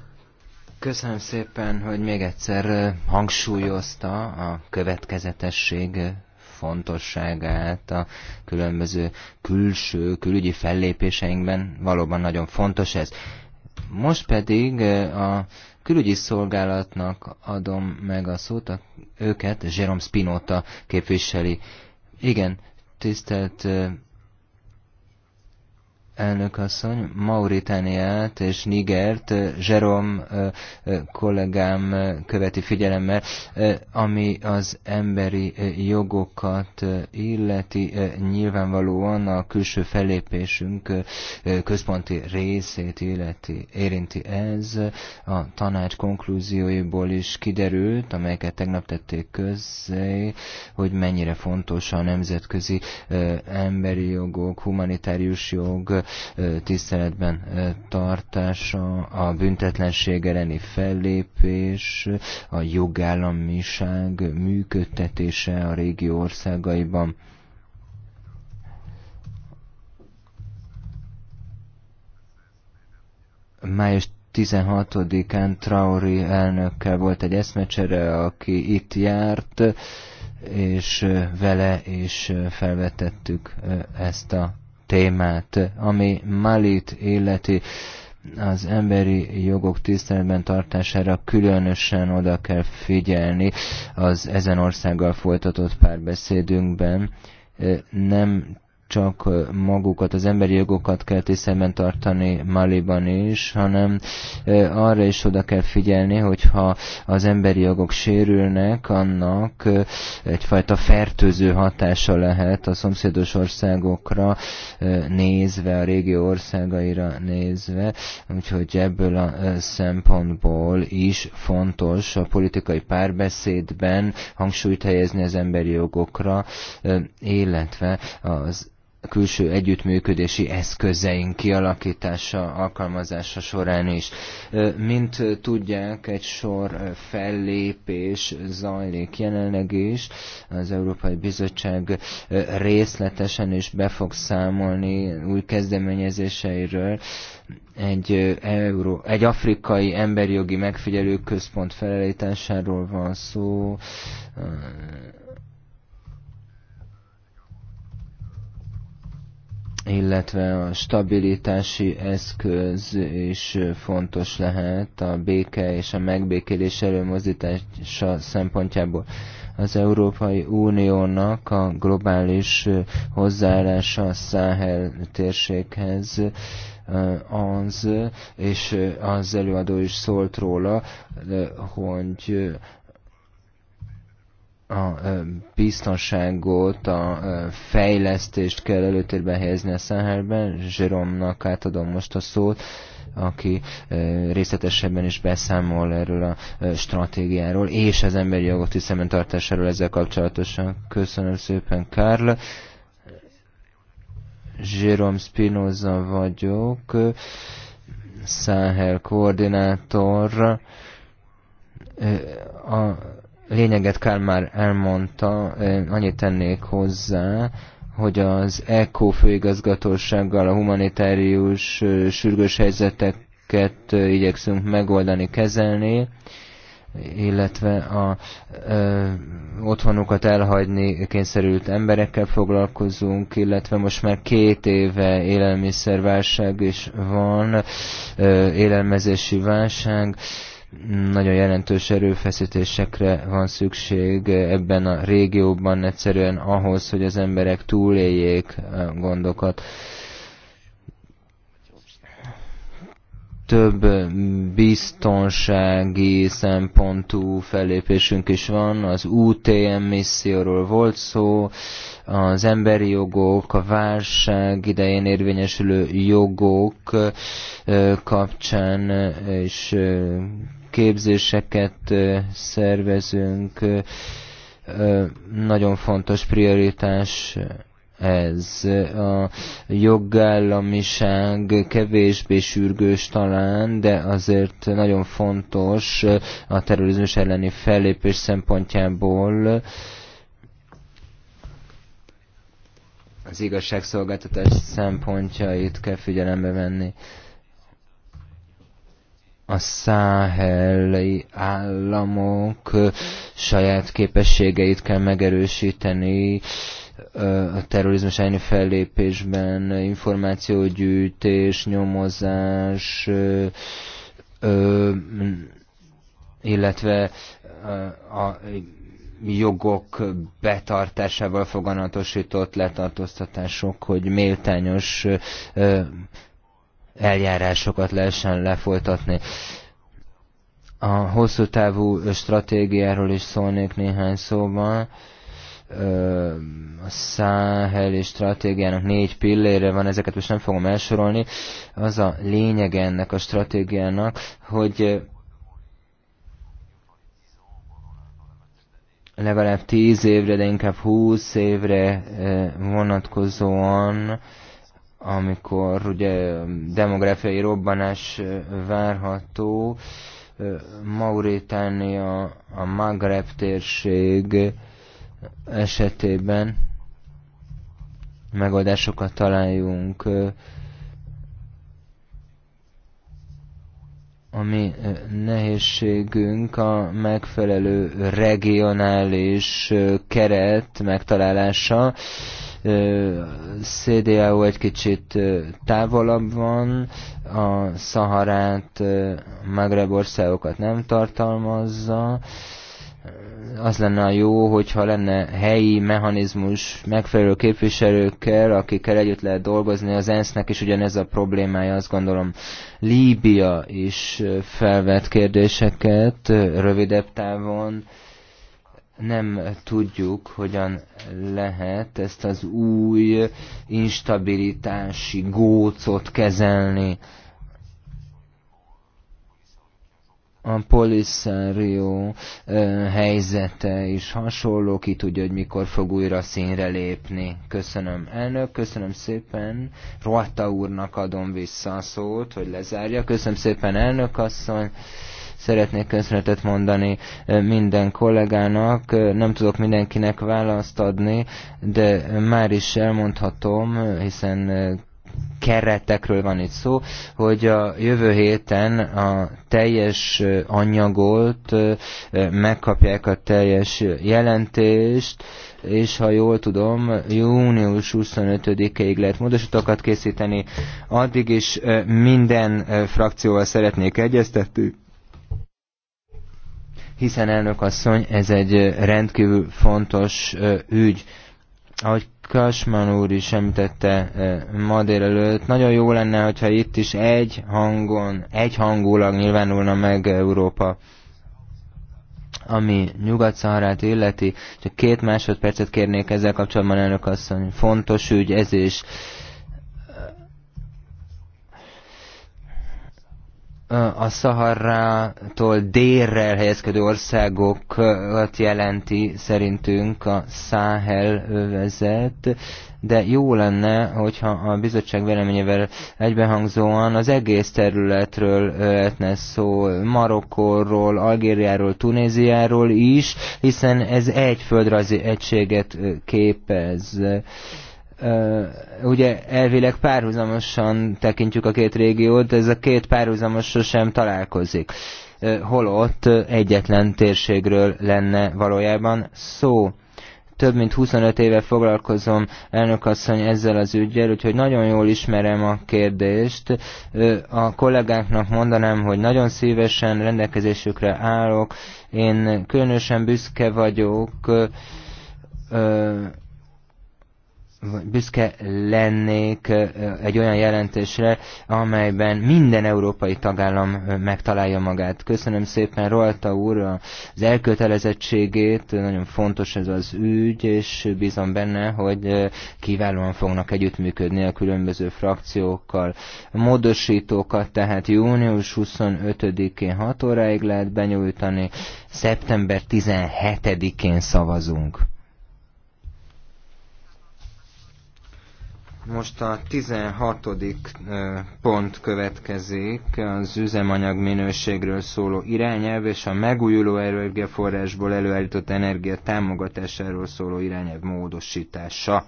Köszönöm szépen, hogy még egyszer hangsúlyozta a következetesség fontosságát a különböző külső, külügyi fellépéseinkben. Valóban nagyon fontos ez. Most pedig a külügyi szolgálatnak adom meg a szót, őket Jerome Spinota képviseli. Igen, Tisztelt elnökasszony Mauritániát és Nigert eh, Jerome eh, eh, kollégám követi figyelemmel, ami az emberi jogokat illeti nyilvánvalóan a külső fellépésünk központi részét illeti, érinti ez. A tanács konklúzióiból is kiderült, amelyeket tegnap tették közzé, hogy mennyire fontos a nemzetközi emberi jogok, humanitárius jog, tiszteletben tartása, a büntetlenség elleni fellépés, a jogállamiság működtetése a régió országaiban. Május 16-án Traori elnökkel volt egy eszmecsere, aki itt járt, és vele is felvetettük ezt a témát, ami Malit életi az emberi jogok tiszteletben tartására különösen oda kell figyelni az ezen országgal folytatott párbeszédünkben. Nem csak magukat, az emberi jogokat kell tisztelben tartani Maliban is, hanem arra is oda kell figyelni, hogyha az emberi jogok sérülnek, annak egyfajta fertőző hatása lehet a szomszédos országokra nézve, a régió országaira nézve, úgyhogy ebből a szempontból is fontos a politikai párbeszédben hangsúlyt helyezni az emberi jogokra, illetve az külső együttműködési eszközeink kialakítása, alkalmazása során is. Mint tudják, egy sor fellépés zajlik jelenleg is. Az Európai Bizottság részletesen is be fog számolni új kezdeményezéseiről egy, euró, egy afrikai emberjogi megfigyelő központ felállításáról van szó, illetve a stabilitási eszköz is fontos lehet a béke és a megbékélés előmozdítása szempontjából. Az Európai Uniónak a globális hozzáállása a Száhel térséghez az, és az előadó is szólt róla, hogy a biztonságot, a fejlesztést kell előtérbe helyezni a Száhelben. Zsiromnak átadom most a szót, aki részletesebben is beszámol erről a stratégiáról, és az emberi jogok szemben tartásáról ezzel kapcsolatosan. Köszönöm szépen, Karl. Zsirom Spinoza vagyok, Száhel koordinátor. A lényeget Kár már elmondta, annyit tennék hozzá, hogy az ECO főigazgatósággal a humanitárius sürgős helyzeteket igyekszünk megoldani, kezelni, illetve a ö, otthonukat elhagyni kényszerült emberekkel foglalkozunk, illetve most már két éve élelmiszerválság is van, ö, élelmezési válság, ö, nagyon jelentős erőfeszítésekre van szükség ebben a régióban egyszerűen ahhoz, hogy az emberek túléljék a gondokat. több biztonsági szempontú fellépésünk is van. Az UTM misszióról volt szó, az emberi jogok, a válság idején érvényesülő jogok kapcsán is képzéseket szervezünk. Nagyon fontos prioritás ez. A jogállamiság kevésbé sürgős talán, de azért nagyon fontos a terrorizmus elleni fellépés szempontjából az igazságszolgáltatás szempontjait kell figyelembe venni a száheli államok saját képességeit kell megerősíteni a terrorizmus elleni fellépésben, információgyűjtés, nyomozás, illetve a jogok betartásával foganatosított letartóztatások, hogy méltányos eljárásokat lehessen lefolytatni. A hosszú távú stratégiáról is szólnék néhány szóban. A száheli stratégiának négy pillére van, ezeket most nem fogom elsorolni. Az a lényeg ennek a stratégiának, hogy legalább 10 évre, de inkább 20 évre vonatkozóan amikor ugye um, demográfiai robbanás uh, várható, uh, Mauritánia, a Maghreb térség esetében megoldásokat találjunk, uh, ami nehézségünk a megfelelő regionális keret megtalálása, CDAO egy kicsit távolabb van, a Szaharát, Magreb országokat nem tartalmazza, az lenne a jó, hogyha lenne helyi mechanizmus megfelelő képviselőkkel, akikkel együtt lehet dolgozni. Az ENSZ-nek és ugyanez a problémája, azt gondolom. Líbia is felvett kérdéseket rövidebb távon nem tudjuk, hogyan lehet ezt az új instabilitási gócot kezelni. a Polisario helyzete is hasonló, ki tudja, hogy mikor fog újra színre lépni. Köszönöm elnök, köszönöm szépen, Roata úrnak adom vissza a szót, hogy lezárja. Köszönöm szépen elnök asszony. Szeretnék köszönetet mondani minden kollégának, nem tudok mindenkinek választ adni, de már is elmondhatom, hiszen keretekről van itt szó, hogy a jövő héten a teljes anyagot megkapják a teljes jelentést, és ha jól tudom, június 25-ig lehet módosítókat készíteni. Addig is minden frakcióval szeretnék egyeztetni hiszen elnök asszony, ez egy rendkívül fontos ügy. Ahogy Kasman úr is említette ma délelőtt, nagyon jó lenne, hogyha itt is egy hangon, egy hangulag nyilvánulna meg Európa ami Nyugat-Szaharát illeti, csak két másodpercet kérnék ezzel kapcsolatban elnök asszony. Fontos ügy ez is. a Szaharrától délre helyezkedő országokat jelenti szerintünk a Száhel övezet, de jó lenne, hogyha a bizottság véleményével egybehangzóan az egész területről lehetne szó, Marokkorról, Algériáról, Tunéziáról is, hiszen ez egy földrajzi egységet képez ugye elvileg párhuzamosan tekintjük a két régiót, ez a két párhuzamos sosem találkozik. Holott egyetlen térségről lenne valójában szó. Több mint 25 éve foglalkozom elnökasszony ezzel az ügyel, úgyhogy nagyon jól ismerem a kérdést. A kollégáknak mondanám, hogy nagyon szívesen rendelkezésükre állok. Én különösen büszke vagyok büszke lennék egy olyan jelentésre, amelyben minden európai tagállam megtalálja magát. Köszönöm szépen Rolta úr az elkötelezettségét, nagyon fontos ez az ügy, és bízom benne, hogy kiválóan fognak együttműködni a különböző frakciókkal. Módosítókat tehát június 25-én 6 óráig lehet benyújtani, szeptember 17-én szavazunk. Most a 16. pont következik, az üzemanyag minőségről szóló irányelv és a megújuló energiaforrásból előállított energia támogatásáról szóló irányelv módosítása.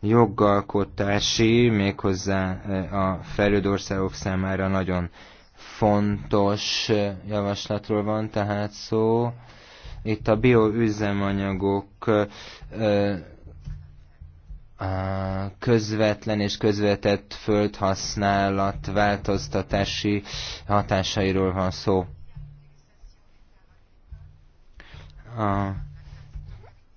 Jogalkotási, méghozzá a fejlődő országok számára nagyon fontos javaslatról van tehát szó. Itt a bioüzemanyagok közvetlen és közvetett földhasználat változtatási hatásairól van szó. A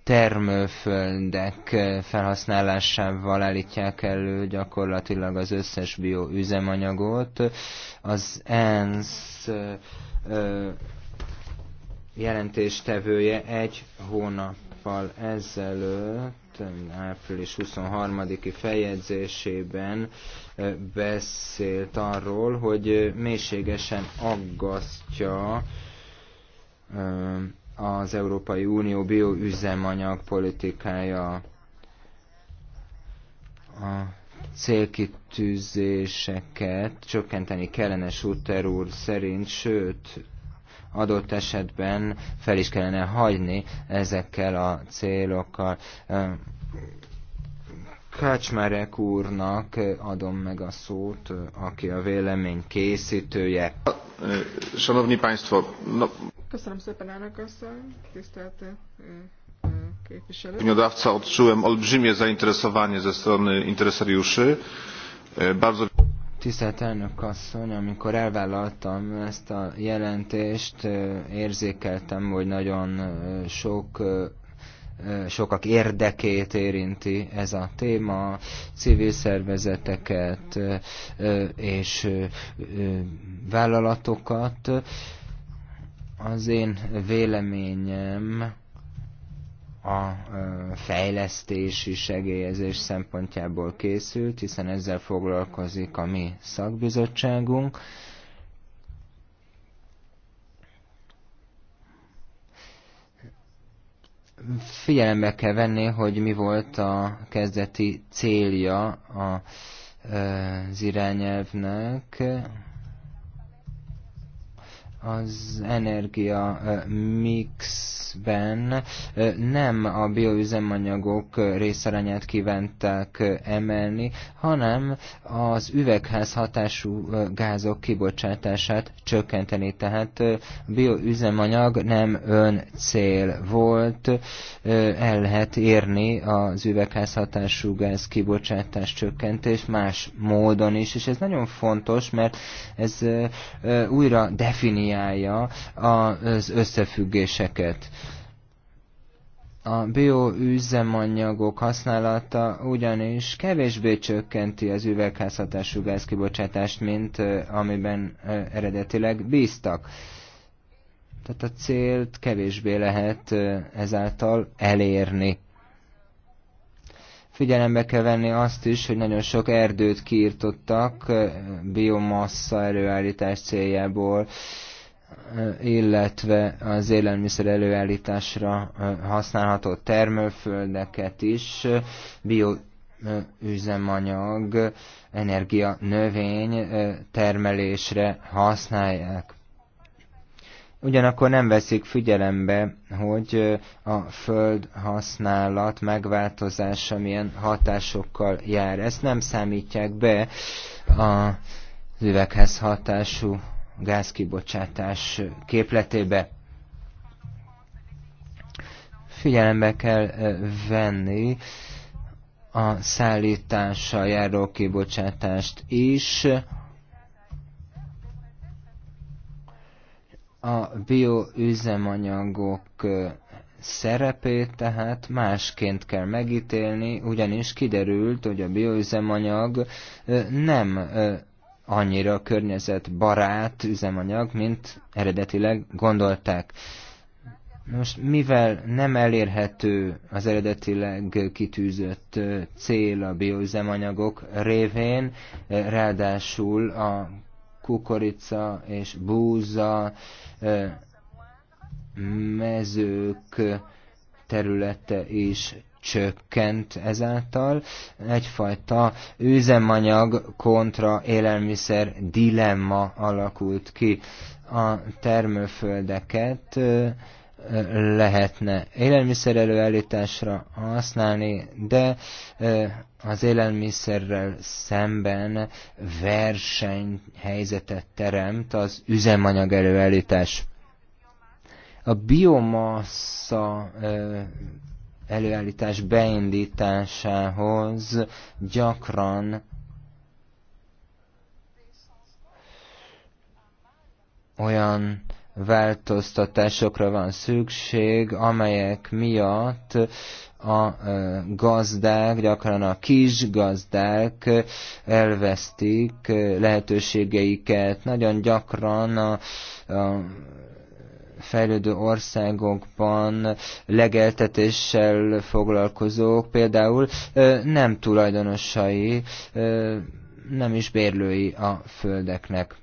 termőföldek felhasználásával állítják elő gyakorlatilag az összes bioüzemanyagot. Az ENSZ jelentéstevője egy hónappal ezelőtt április 23-i feljegyzésében beszélt arról, hogy mélységesen aggasztja az Európai Unió bioüzemanyag politikája a célkitűzéseket csökkenteni kellene Sutter úr szerint, sőt, adott esetben fel is kellene hagyni ezekkel a célokkal. Kácsmerek úrnak adom meg a szót, aki a vélemény készítője. Köszönöm szépen, elnök asszony, tisztelt e, e, képviselő. Wniodawca odczułem olbrzymie zainteresowanie ze strony interesariuszy. E, bardzo Tisztelt elnök asszony, amikor elvállaltam ezt a jelentést, érzékeltem, hogy nagyon sok sokak érdekét érinti ez a téma, civil szervezeteket és vállalatokat. Az én véleményem a fejlesztési segélyezés szempontjából készült, hiszen ezzel foglalkozik a mi szakbizottságunk. Figyelembe kell venni, hogy mi volt a kezdeti célja az irányelvnek, az energia mixben nem a bioüzemanyagok részarányát kívánták emelni, hanem az üvegházhatású gázok kibocsátását csökkenteni. Tehát bioüzemanyag nem ön cél volt, el lehet érni az üvegházhatású gáz kibocsátás csökkentés más módon is, és ez nagyon fontos, mert ez újra definiál definiálja az összefüggéseket. A bioüzemanyagok használata ugyanis kevésbé csökkenti az üvegházhatású gázkibocsátást, mint amiben eredetileg bíztak. Tehát a célt kevésbé lehet ezáltal elérni. Figyelembe kell venni azt is, hogy nagyon sok erdőt kiirtottak biomassa előállítás céljából, illetve az élelmiszer előállításra használható termőföldeket is bioüzemanyag, energia növény termelésre használják. Ugyanakkor nem veszik figyelembe, hogy a föld használat megváltozása milyen hatásokkal jár. Ezt nem számítják be a üveghez hatású gázkibocsátás képletébe. Figyelembe kell eh, venni a szállítással járó kibocsátást is, a bioüzemanyagok eh, szerepét tehát másként kell megítélni, ugyanis kiderült, hogy a bioüzemanyag eh, nem annyira környezetbarát üzemanyag, mint eredetileg gondolták. Most mivel nem elérhető az eredetileg kitűzött cél a bioüzemanyagok révén, ráadásul a kukorica és búza mezők területe is csökkent ezáltal. Egyfajta üzemanyag kontra élelmiszer dilemma alakult ki a termőföldeket lehetne élelmiszer előállításra használni, de az élelmiszerrel szemben versenyhelyzetet teremt az üzemanyag előállítás. A biomassa előállítás beindításához gyakran olyan változtatásokra van szükség, amelyek miatt a gazdák, gyakran a kis gazdák elvesztik lehetőségeiket. Nagyon gyakran a, a fejlődő országokban legeltetéssel foglalkozók például nem tulajdonosai, nem is bérlői a földeknek.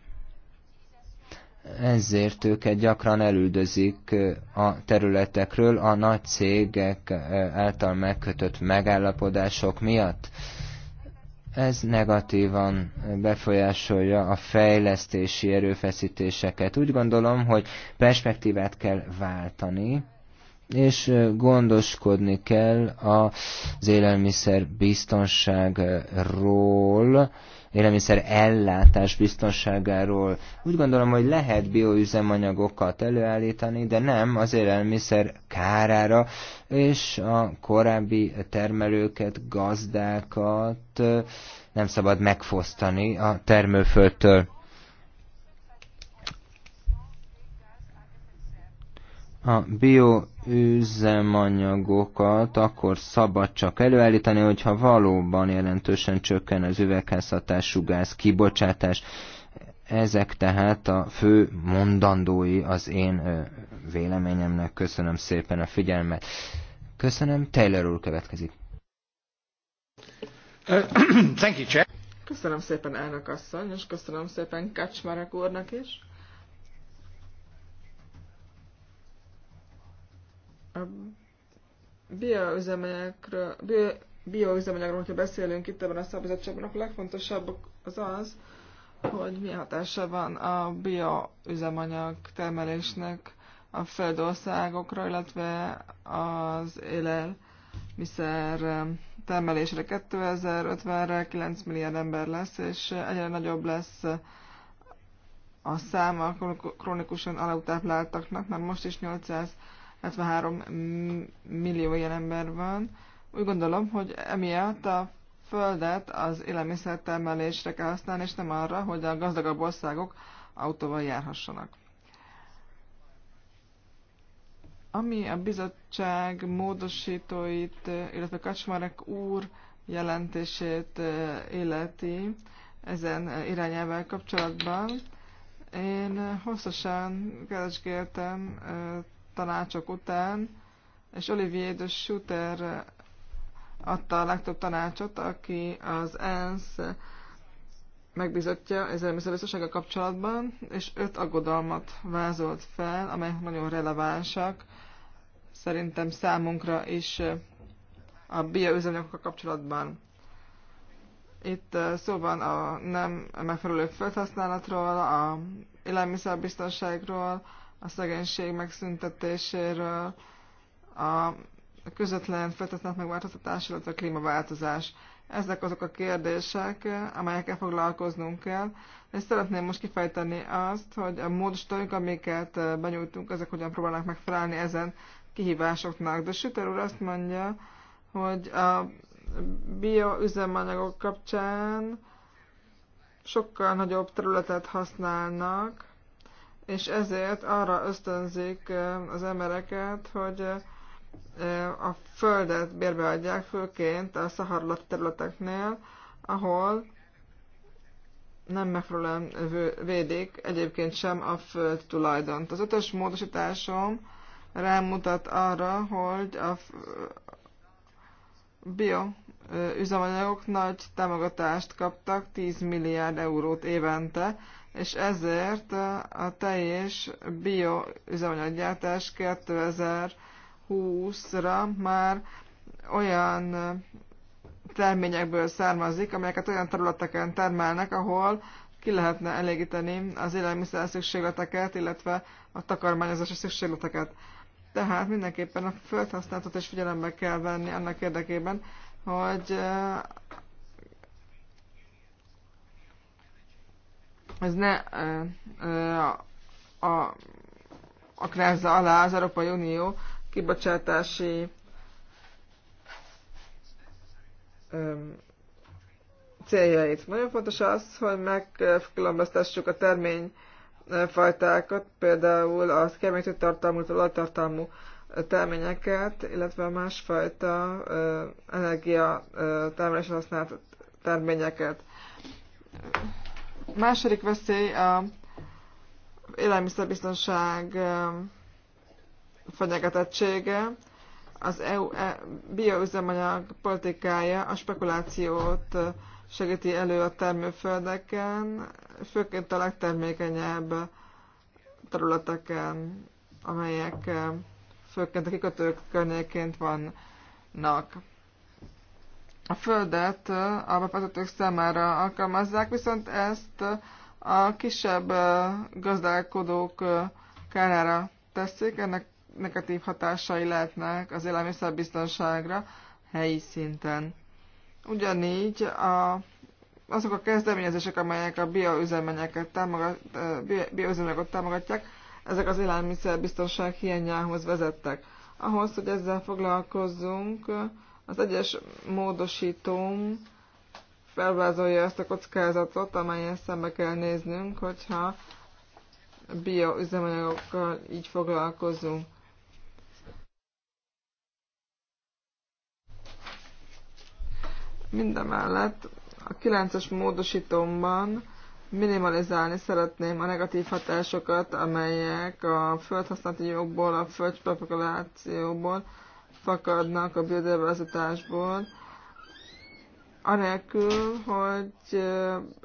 Ezért őket gyakran elüldözik a területekről a nagy cégek által megkötött megállapodások miatt. Ez negatívan befolyásolja a fejlesztési erőfeszítéseket. Úgy gondolom, hogy perspektívát kell váltani, és gondoskodni kell az élelmiszer biztonságról, élelmiszer ellátás biztonságáról. Úgy gondolom, hogy lehet bioüzemanyagokat előállítani, de nem az élelmiszer kárára, és a korábbi termelőket, gazdákat nem szabad megfosztani a termőföldtől. A bioüzemanyagokat akkor szabad csak előállítani, hogyha valóban jelentősen csökken az üvegházhatású gáz kibocsátás. Ezek tehát a fő mondandói az én véleményemnek. Köszönöm szépen a figyelmet. Köszönöm, Taylor úr következik. Thank you, Chair. Köszönöm szépen elnök asszony, és köszönöm szépen Kacsmarek úrnak is. A bioüzemanyagról, bio, bioüzemanyagról, hogyha beszélünk itt ebben a szabadságban, akkor legfontosabb az az, hogy milyen hatása van a bioüzemanyag termelésnek a földországokra, illetve az élelmiszer termelésre 2050-re 9 milliárd ember lesz, és egyre nagyobb lesz a száma a krónikusan alautápláltaknak, mert most is 800 73 millió ilyen ember van. Úgy gondolom, hogy emiatt a földet az élelmiszertermelésre kell használni, és nem arra, hogy a gazdagabb országok autóval járhassanak. Ami a bizottság módosítóit, illetve Kacsmarek úr jelentését életi ezen irányával kapcsolatban, én hosszasan keresgéltem tanácsok után, és Olivier de Schutter adta a legtöbb tanácsot, aki az ENSZ megbizotja az élelmiszerbiztonsággal kapcsolatban, és öt aggodalmat vázolt fel, amelyek nagyon relevánsak, szerintem számunkra is a bioüzemanyagokkal kapcsolatban. Itt szó van a nem megfelelő felhasználatról, a élelmiszerbiztonságról, a szegénység megszüntetéséről, a közvetlen feltétlenek megváltoztatás, illetve a klímaváltozás. Ezek azok a kérdések, amelyekkel foglalkoznunk kell, és szeretném most kifejteni azt, hogy a módosítóink, amiket benyújtunk, ezek hogyan próbálnak megfelelni ezen kihívásoknak. De Süter úr azt mondja, hogy a bioüzemanyagok kapcsán sokkal nagyobb területet használnak, és ezért arra ösztönzik az embereket, hogy a földet bérbeadják, főként a szaharlat területeknél, ahol nem megfelelően védik egyébként sem a föld tulajdont. Az ötös módosításom rámutat arra, hogy a bio üzemanyagok nagy támogatást kaptak, 10 milliárd eurót évente, és ezért a teljes bioüzemanyaggyártás 2020-ra már olyan terményekből származik, amelyeket olyan területeken termelnek, ahol ki lehetne elégíteni az élelmiszer szükségleteket, illetve a takarmányozási szükségleteket. Tehát mindenképpen a földhasználatot is figyelembe kell venni annak érdekében, hogy az ne ö, ö, a, a, akrázza alá az Európai Unió kibocsátási ö, céljait. Nagyon fontos az, hogy megkülönböztessük a termény fajtákat, például a kemény tartalmú, olajtartalmú terményeket, illetve másfajta energia termelésre használt terményeket Második veszély a élelmiszerbiztonság fenyegetettsége, az EU e, bioüzemanyag politikája a spekulációt segíti elő a termőföldeken, főként a legtermékenyebb területeken, amelyek főként a kikötők környékén vannak a földet a befektetők számára alkalmazzák, viszont ezt a kisebb gazdálkodók kárára teszik, ennek negatív hatásai lehetnek az élelmiszerbiztonságra helyi szinten. Ugyanígy a, azok a kezdeményezések, amelyek a bioüzemanyagok támogat, bio támogatják, ezek az élelmiszerbiztonság hiányához vezettek. Ahhoz, hogy ezzel foglalkozzunk, az egyes módosítóm felvázolja ezt a kockázatot, amelyen szembe kell néznünk, hogyha bioüzemanyagokkal így foglalkozunk. Mindemellett a 9-es módosítomban minimalizálni szeretném a negatív hatásokat, amelyek a földhasználati jogból, a földspekulációból, fakadnak a biodiverzitásból, anélkül, hogy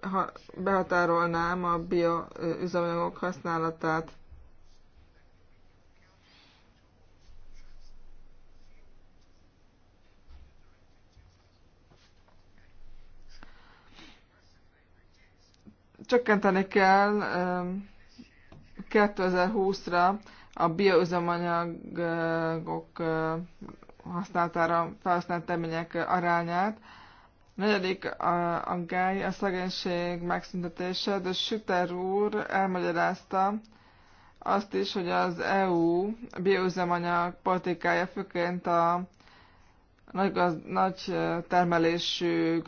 ha behatárolnám a bioüzemanyagok használatát. Csökkenteni kell 2020-ra a bioüzemanyagok használatára felhasznált termények arányát. A negyedik a, a gáj, a szegénység megszüntetése, de Süter úr elmagyarázta azt is, hogy az EU bioüzemanyag politikája főként a nagy, gaz, nagy termelésű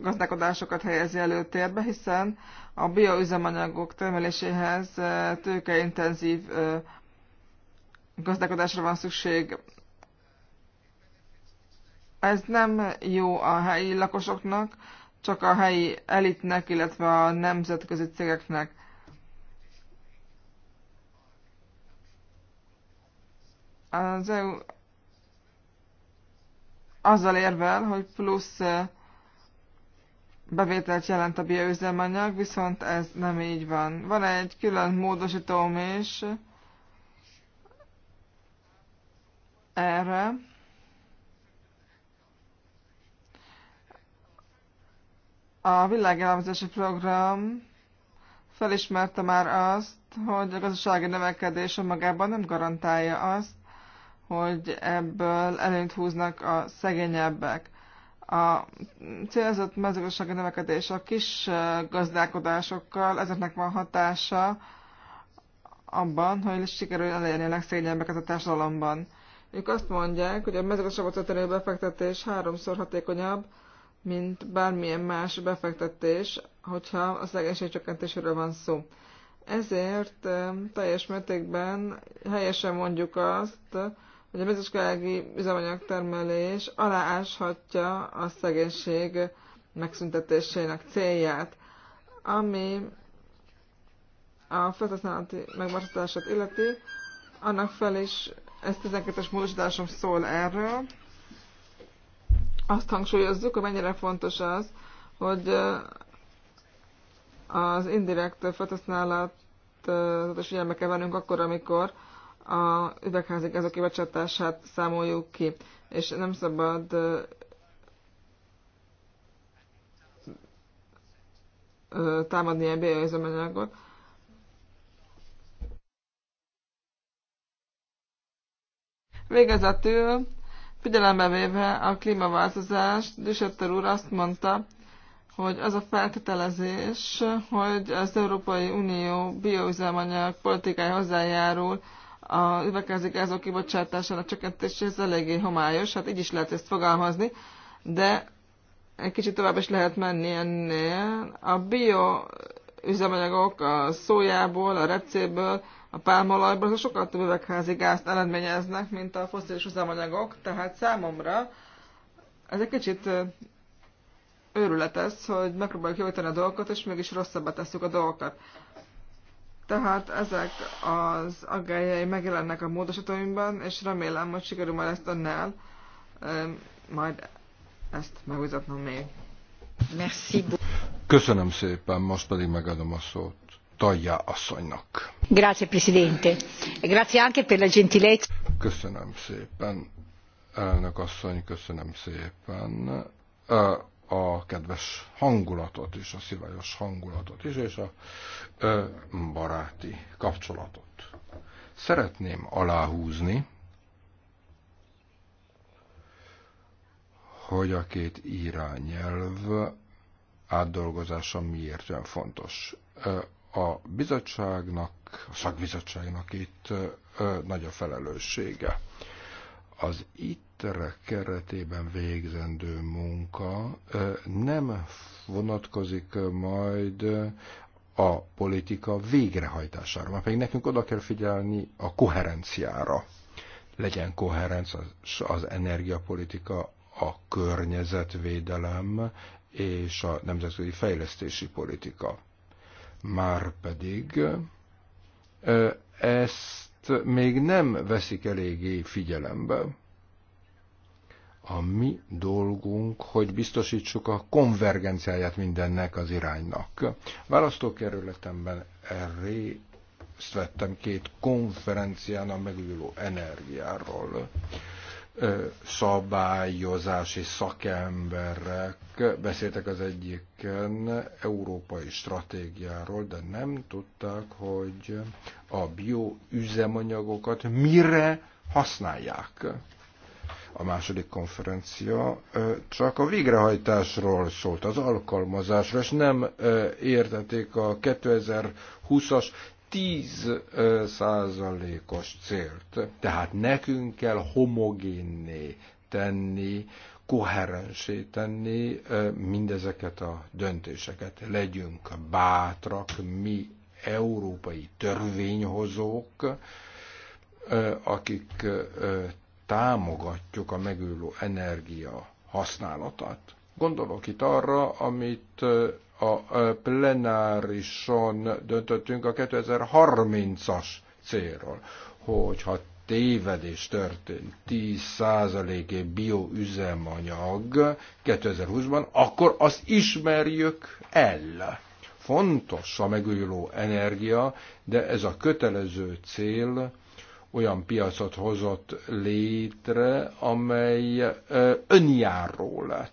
gazdálkodásokat helyezi előtérbe, hiszen a bioüzemanyagok termeléséhez tőkeintenzív gazdálkodásra van szükség. Ez nem jó a helyi lakosoknak, csak a helyi elitnek, illetve a nemzetközi cégeknek. Az EU azzal érvel, hogy plusz bevételt jelent a bioüzemanyag, viszont ez nem így van. Van egy külön módosítóm is erre. A világjellemzési program felismerte már azt, hogy a gazdasági növekedés önmagában nem garantálja azt, hogy ebből előnyt húznak a szegényebbek. A célzott mezőgazdasági növekedés a kis gazdálkodásokkal, ezeknek van hatása abban, hogy sikerül elérni a legszegényebbeket a társadalomban. Ők azt mondják, hogy a mezőgazdaságot történő befektetés háromszor hatékonyabb, mint bármilyen más befektetés, hogyha a szegénység csökkentéséről van szó. Ezért teljes mértékben helyesen mondjuk azt, hogy a mezőgazdasági üzemanyagtermelés alááshatja a szegénység megszüntetésének célját, ami a felhasználati megmaradását illeti, annak fel is, ez 12-es módosításom szól erről, azt hangsúlyozzuk, hogy mennyire fontos az, hogy eh, az indirekt felhasználat eh, figyelme kell vennünk akkor, amikor a üvegházik gázok kibocsátását számoljuk ki, és nem szabad támadni a bioüzemanyagot. Végezetül, figyelembe véve a klímaváltozást, Düssetter úr azt mondta, hogy az a feltételezés, hogy az Európai Unió bioüzemanyag politikai hozzájárul a üvegházigázok kibocsátásának csökkentése, ez eléggé homályos, hát így is lehet ezt fogalmazni, de egy kicsit tovább is lehet menni ennél. A bio üzemanyagok a szójából, a repcéből, a pálmolajból azok sokkal több üvegházi gázt eredményeznek, mint a foszilis üzemanyagok, tehát számomra ez egy kicsit őrület ez, hogy megpróbáljuk javítani a dolgokat, és mégis rosszabbat tesszük a dolgokat. Tehát ezek az agályai megjelennek a módosítóimban, és remélem, hogy sikerül majd ezt annál, majd ezt megújtatnom még. Merci. Köszönöm szépen, most pedig megadom a szót Tajja asszonynak. Grazie, Presidente. E grazie anche per la gentilezza. Köszönöm szépen, elnök asszony, köszönöm szépen a kedves hangulatot is, a szívajos hangulatot is, és a ö, baráti kapcsolatot. Szeretném aláhúzni, hogy a két irányelv átdolgozása miért olyan fontos. A bizottságnak, a szakbizottságnak itt nagy a felelőssége. Az ittre keretében végzendő munka nem vonatkozik majd a politika végrehajtására, mert pedig nekünk oda kell figyelni a koherenciára. Legyen koherenc az, az energiapolitika, a környezetvédelem és a nemzetközi fejlesztési politika. Márpedig ezt ezt még nem veszik eléggé figyelembe. A mi dolgunk, hogy biztosítsuk a konvergenciáját mindennek az iránynak. Választókerületemben erre részt vettem két konferencián a megújuló energiáról szabályozási szakemberek beszéltek az egyiken európai stratégiáról, de nem tudták, hogy a bioüzemanyagokat mire használják. A második konferencia csak a végrehajtásról szólt, az alkalmazásról, és nem értették a 2020-as 10 százalékos célt. Tehát nekünk kell homogénné tenni, koherensé tenni mindezeket a döntéseket. Legyünk bátrak, mi európai törvényhozók, akik támogatjuk a megülő energia használatát. Gondolok itt arra, amit a plenárison döntöttünk a 2030-as célról, hogyha tévedés történt, 10%-é bioüzemanyag 2020-ban, akkor azt ismerjük el. Fontos a megújuló energia, de ez a kötelező cél olyan piacot hozott létre, amely önjáró lett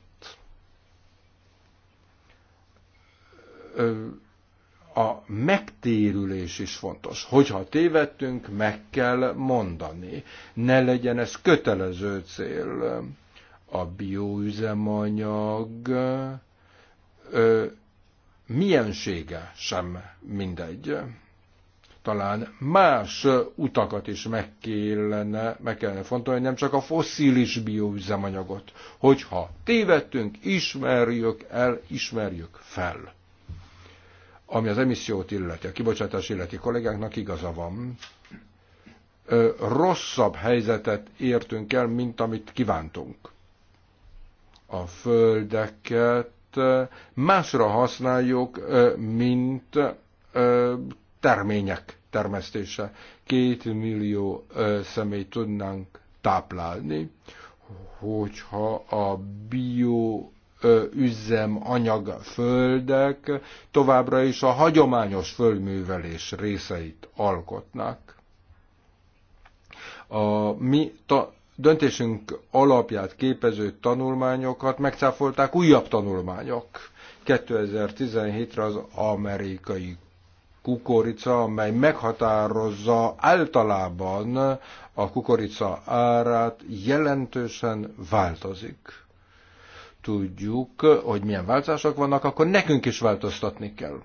a megtérülés is fontos. Hogyha tévedtünk, meg kell mondani. Ne legyen ez kötelező cél. A bioüzemanyag ö, miensége sem mindegy. Talán más utakat is meg kellene, meg kellene fontolni, nem csak a fosszilis bioüzemanyagot. Hogyha tévedtünk, ismerjük el, ismerjük fel ami az emissziót illeti, a kibocsátás illeti kollégáknak igaza van, rosszabb helyzetet értünk el, mint amit kívántunk. A földeket másra használjuk, mint termények termesztése. Két millió személy tudnánk táplálni, hogyha a bio üzemanyag földek továbbra is a hagyományos földművelés részeit alkotnak. A mi ta- döntésünk alapját képező tanulmányokat megcáfolták újabb tanulmányok. 2017-re az amerikai kukorica, amely meghatározza általában a kukorica árát, jelentősen változik tudjuk, hogy milyen változások vannak, akkor nekünk is változtatni kell.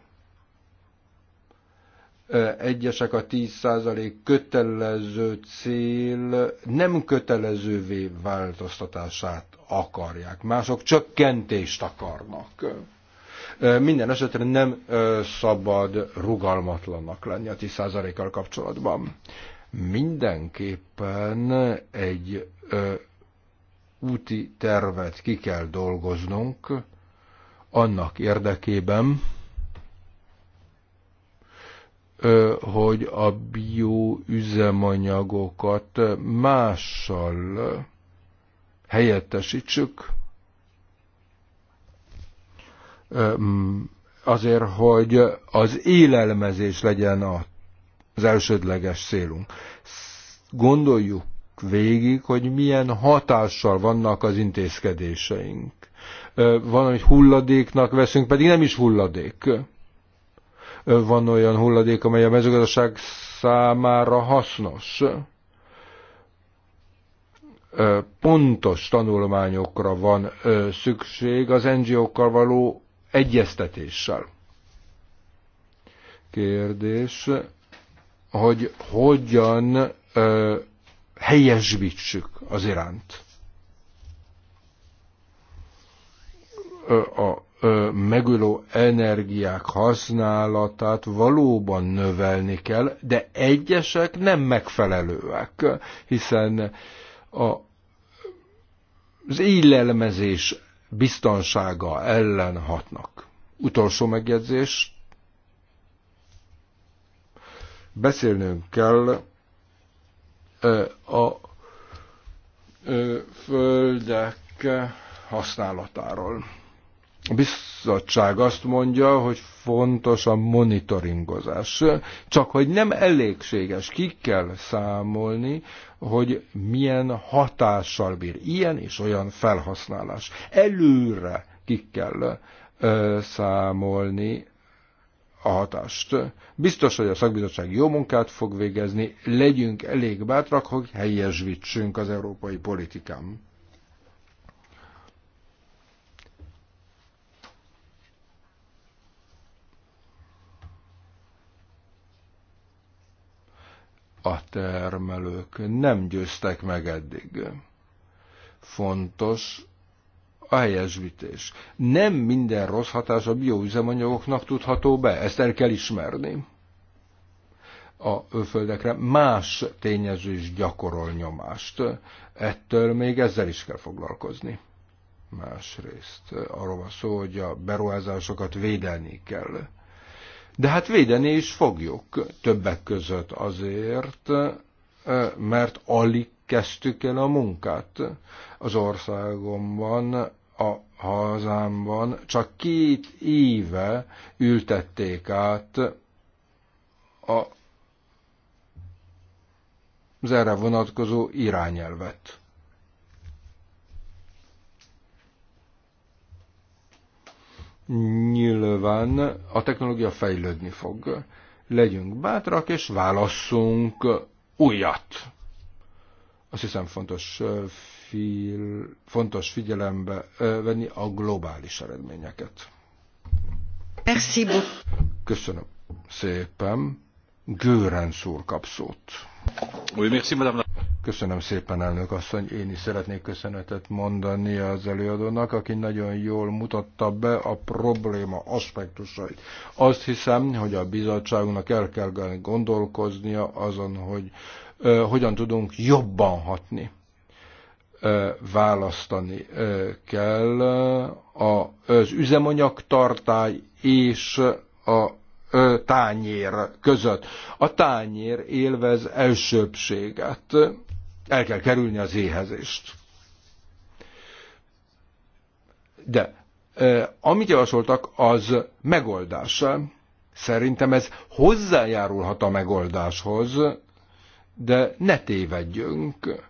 Egyesek a 10% kötelező cél nem kötelezővé változtatását akarják, mások csökkentést akarnak. Minden esetre nem szabad rugalmatlannak lenni a 10%-kal kapcsolatban. Mindenképpen egy úti tervet ki kell dolgoznunk annak érdekében, hogy a bioüzemanyagokat mással helyettesítsük, azért, hogy az élelmezés legyen az elsődleges célunk. Gondoljuk végig, hogy milyen hatással vannak az intézkedéseink. Van, hogy hulladéknak veszünk, pedig nem is hulladék. Van olyan hulladék, amely a mezőgazdaság számára hasznos pontos tanulmányokra van szükség az NGO-kkal való egyeztetéssel. Kérdés, hogy hogyan helyesbítsük az iránt. A megülő energiák használatát valóban növelni kell, de egyesek nem megfelelőek, hiszen a, az élelmezés biztonsága ellen hatnak. Utolsó megjegyzés. Beszélnünk kell a földek használatáról. A bizottság azt mondja, hogy fontos a monitoringozás, csak hogy nem elégséges, ki kell számolni, hogy milyen hatással bír ilyen és olyan felhasználás. Előre ki kell ö, számolni a hatást. Biztos, hogy a szakbizottság jó munkát fog végezni, legyünk elég bátrak, hogy helyesvítsünk az európai politikán. A termelők nem győztek meg eddig. Fontos, a helyesbítés. Nem minden rossz hatás a bioüzemanyagoknak tudható be, ezt el kell ismerni. A földekre más tényező is gyakorol nyomást. Ettől még ezzel is kell foglalkozni. Másrészt arról van szó, hogy a beruházásokat védelni kell. De hát védeni is fogjuk, többek között azért, eh, mert alig kezdtük el a munkát. Az országomban a hazámban csak két éve ültették át a, az erre vonatkozó irányelvet. Nyilván a technológia fejlődni fog. Legyünk bátrak és válasszunk újat. Azt hiszem fontos fil, fontos figyelembe venni a globális eredményeket. Merci Köszönöm szépen. Gőrenc úr kap szót. Köszönöm szépen, elnök asszony. Én is szeretnék köszönetet mondani az előadónak, aki nagyon jól mutatta be a probléma aspektusait. Azt hiszem, hogy a bizottságunknak el kell gondolkoznia azon, hogy ö, hogyan tudunk jobban hatni választani kell az üzemanyag és a tányér között. A tányér élvez elsőbséget. El kell kerülni az éhezést. De amit javasoltak, az megoldás. Szerintem ez hozzájárulhat a megoldáshoz, de ne tévedjünk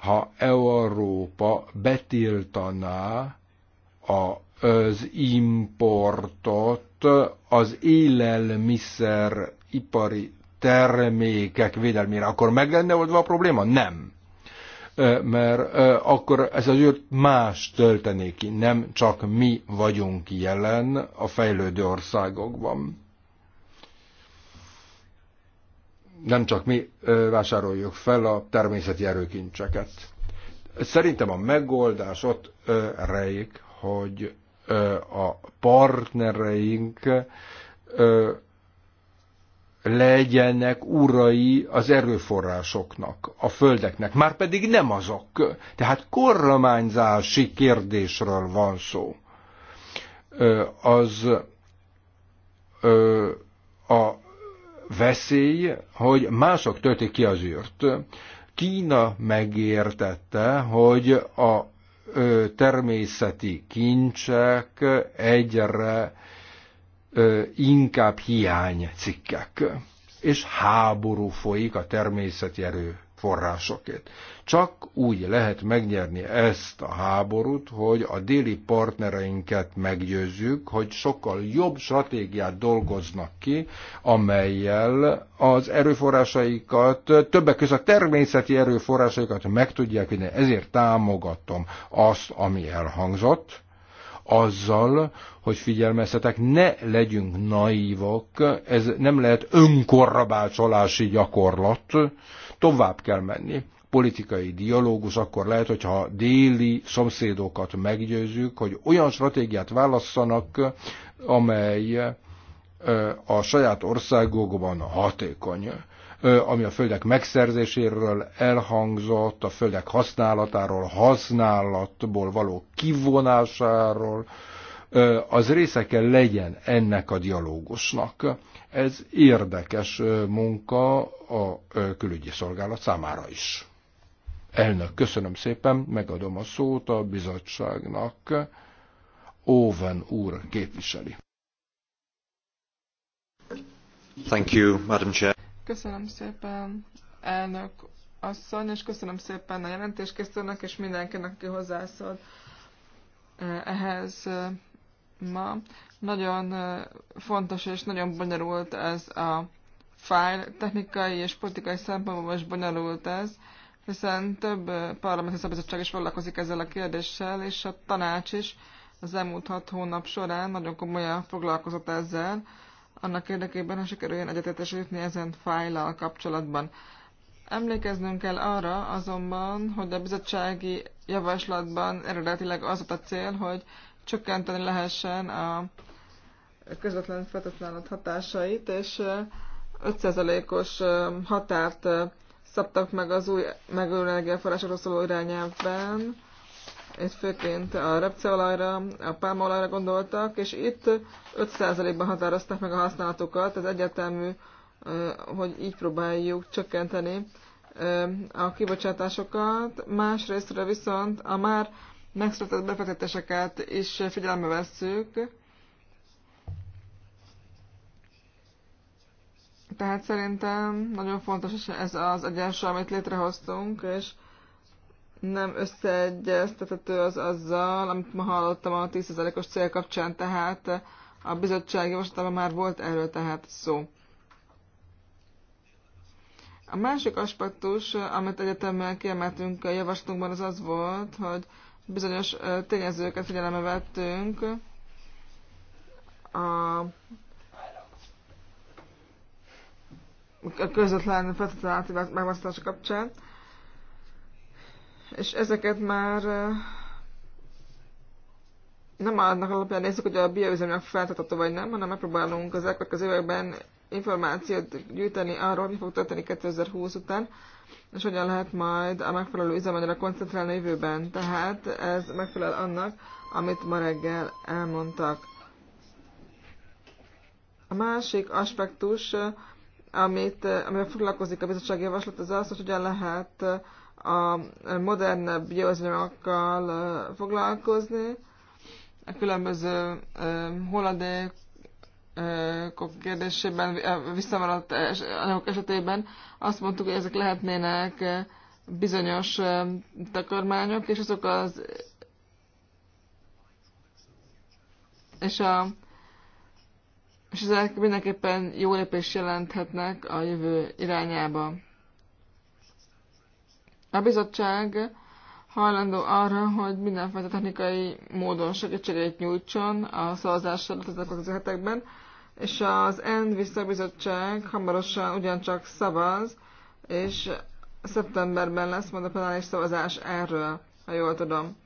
ha Európa betiltaná az importot az élelmiszeripari termékek védelmére, akkor meg lenne oldva a probléma? Nem. Mert akkor ez az űrt más töltené ki, nem csak mi vagyunk jelen a fejlődő országokban nem csak mi vásároljuk fel a természeti erőkincseket. Szerintem a megoldás ott rejlik, hogy a partnereink legyenek urai az erőforrásoknak, a földeknek, már pedig nem azok. Tehát kormányzási kérdésről van szó. Az a veszély, hogy mások töltik ki az űrt. Kína megértette, hogy a természeti kincsek egyre inkább cikkek, és háború folyik a természeti erő forrásokért. Csak úgy lehet megnyerni ezt a háborút, hogy a déli partnereinket meggyőzzük, hogy sokkal jobb stratégiát dolgoznak ki, amelyel az erőforrásaikat, többek között a természeti erőforrásaikat meg tudják vinni. Ezért támogatom azt, ami elhangzott, azzal, hogy figyelmeztetek, ne legyünk naívak, ez nem lehet önkorrabácsolási gyakorlat, tovább kell menni. Politikai dialógus akkor lehet, hogyha déli szomszédokat meggyőzzük, hogy olyan stratégiát válasszanak, amely a saját országokban hatékony ami a földek megszerzéséről elhangzott, a földek használatáról, használatból való kivonásáról, az része kell legyen ennek a dialógusnak. Ez érdekes munka a külügyi szolgálat számára is. Elnök, köszönöm szépen, megadom a szót a bizottságnak. Óven úr képviseli. Thank you, Madam Chair. Köszönöm szépen, elnök asszony, és köszönöm szépen a jelentéskészítőnek és mindenkinek, aki hozzászól ehhez ma. Nagyon fontos és nagyon bonyolult ez a fájl. Technikai és politikai szempontból is bonyolult ez, hiszen több parlamenti szabadság is foglalkozik ezzel a kérdéssel, és a tanács is az elmúlt hat hónap során nagyon komolyan foglalkozott ezzel, annak érdekében, hogy sikerüljön egyetértés jutni ezen fájlal kapcsolatban. Emlékeznünk kell arra azonban, hogy a bizottsági javaslatban eredetileg az volt a cél, hogy csökkenteni lehessen a közvetlen feltétlenül hatásait, és 5%-os határt szabtak meg az új megújuló energiaforrásokról szóló irányelvben, és főként a repceolajra, a pálmaolajra gondoltak, és itt 5%-ban határozták meg a használatokat, ez egyetemű, hogy így próbáljuk csökkenteni a kibocsátásokat. Másrésztről viszont a már megszületett befektetéseket is figyelembe vesszük. Tehát szerintem nagyon fontos ez az egyensúly, amit létrehoztunk, és nem összeegyeztethető az azzal, amit ma hallottam a 10%-os cél kapcsán, tehát a bizottsági javaslatában már volt erről tehát szó. A másik aspektus, amit egyetemmel kiemeltünk a javaslatunkban, az az volt, hogy bizonyos tényezőket figyelembe vettünk. A a közvetlen feltétlen megválasztása kapcsán. És ezeket már nem annak alapján nézzük, hogy a bioüzemnek feltartató vagy nem, hanem megpróbálunk az elkövetkező években információt gyűjteni arról, mi fog történni 2020 után, és hogyan lehet majd a megfelelő üzemanyagra koncentrálni a jövőben. Tehát ez megfelel annak, amit ma reggel elmondtak. A másik aspektus, amit, amivel foglalkozik a bizottsági javaslat, az az, hogy hogyan lehet a modern bioüzemanyagokkal foglalkozni, a különböző hulladék kérdésében, visszamaradt anyagok esetében azt mondtuk, hogy ezek lehetnének bizonyos takarmányok, és azok az és a és ezek mindenképpen jó lépés jelenthetnek a jövő irányába. A bizottság hajlandó arra, hogy mindenfajta technikai módon segítséget nyújtson a szavazásra az hetekben, és az END visszabizottság hamarosan ugyancsak szavaz, és szeptemberben lesz majd a plenáris szavazás erről, ha jól tudom.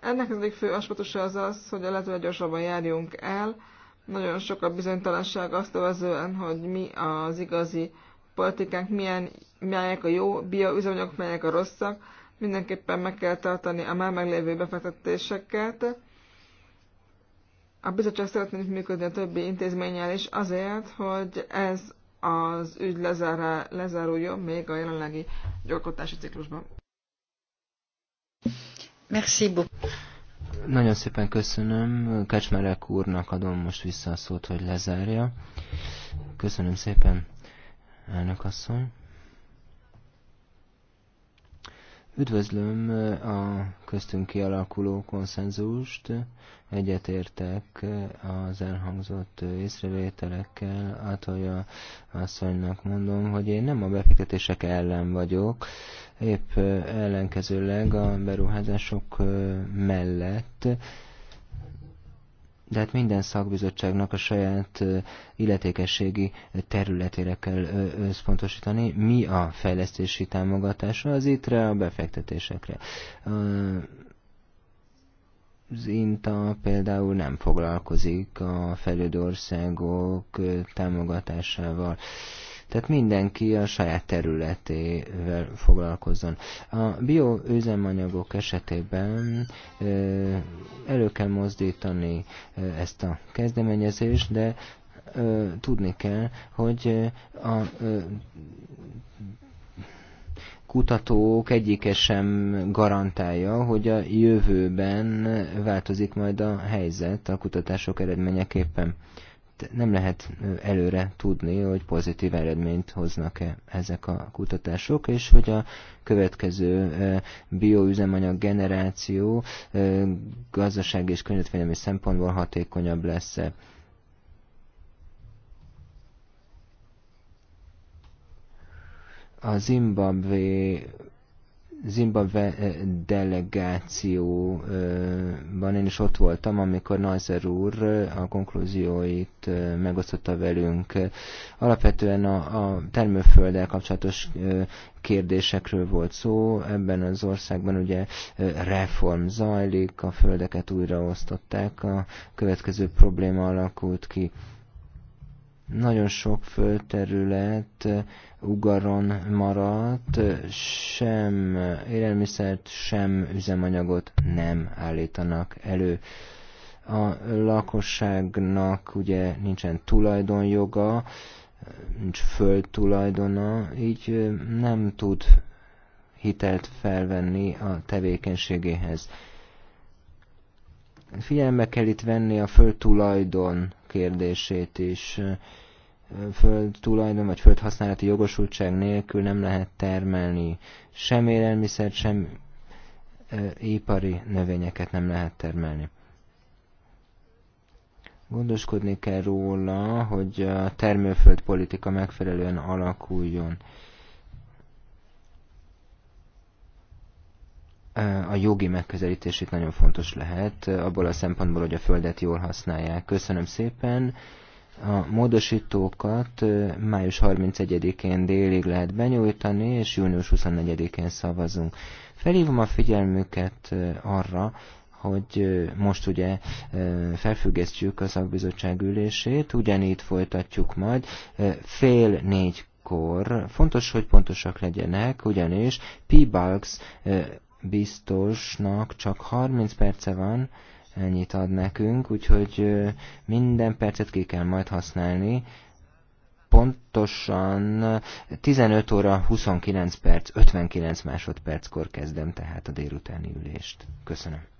Ennek az egyik fő aspektusa az az, hogy a lehető gyorsabban járjunk el. Nagyon sok a bizonytalanság azt övezően, hogy mi az igazi politikánk, milyen, melyek a jó bioüzemanyagok, melyek a rosszak. Mindenképpen meg kell tartani a már meglévő befektetéseket, a bizottság szeretne működni a többi intézménnyel is azért, hogy ez az ügy lezáruljon még a jelenlegi gyakorlatási ciklusban. Merci Nagyon szépen köszönöm. Kecsmerek úrnak adom most vissza a szót, hogy lezárja. Köszönöm szépen, elnök asszony. Üdvözlöm a köztünk kialakuló konszenzust, egyetértek az elhangzott észrevételekkel, Atolja asszonynak mondom, hogy én nem a befektetések ellen vagyok, épp ellenkezőleg a beruházások mellett, de hát minden szakbizottságnak a saját illetékességi területére kell összpontosítani. Mi a fejlesztési támogatása? Az ittre a befektetésekre. Az INTA például nem foglalkozik a fejlődő országok támogatásával tehát mindenki a saját területével foglalkozzon. A bioüzemanyagok esetében elő kell mozdítani ezt a kezdeményezést, de tudni kell, hogy a kutatók egyike sem garantálja, hogy a jövőben változik majd a helyzet a kutatások eredményeképpen nem lehet előre tudni, hogy pozitív eredményt hoznak-e ezek a kutatások, és hogy a következő bioüzemanyag generáció gazdaság és környezetvédelmi szempontból hatékonyabb lesz-e. A Zimbabwe Zimbabwe eh, delegációban én is ott voltam, amikor Nazer úr eh, a konklúzióit eh, megosztotta velünk. Alapvetően a, a termőfölddel kapcsolatos kérdésekről volt szó. Ebben az országban ugye reform zajlik, a földeket újraosztották, a következő probléma alakult ki nagyon sok földterület eh, ugaron maradt, sem élelmiszert, sem üzemanyagot nem állítanak elő a lakosságnak ugye nincsen tulajdonjoga, nincs földtulajdona, így eh, nem tud hitelt felvenni a tevékenységéhez. Figyelembe kell itt venni a földtulajdon kérdését is. tulajdon vagy földhasználati jogosultság nélkül nem lehet termelni sem élelmiszert, sem ipari növényeket nem lehet termelni. Gondoskodni kell róla, hogy a termőföld politika megfelelően alakuljon Eh, a jogi megközelítés itt nagyon fontos lehet, eh, abból a szempontból, hogy a földet jól használják. Köszönöm szépen. A módosítókat eh, május 31-én délig lehet benyújtani, és június 24-én szavazunk. Felhívom a figyelmüket arra, hogy most ugye felfüggesztjük a szakbizottság ülését, ugyanígy folytatjuk majd fél négykor. Fontos, hogy pontosak legyenek, ugyanis p bulks biztosnak csak 30 perce van, ennyit ad nekünk, úgyhogy minden percet ki kell majd használni. Pontosan 15 óra 29 perc, 59 másodperckor kezdem tehát a délutáni ülést. Köszönöm.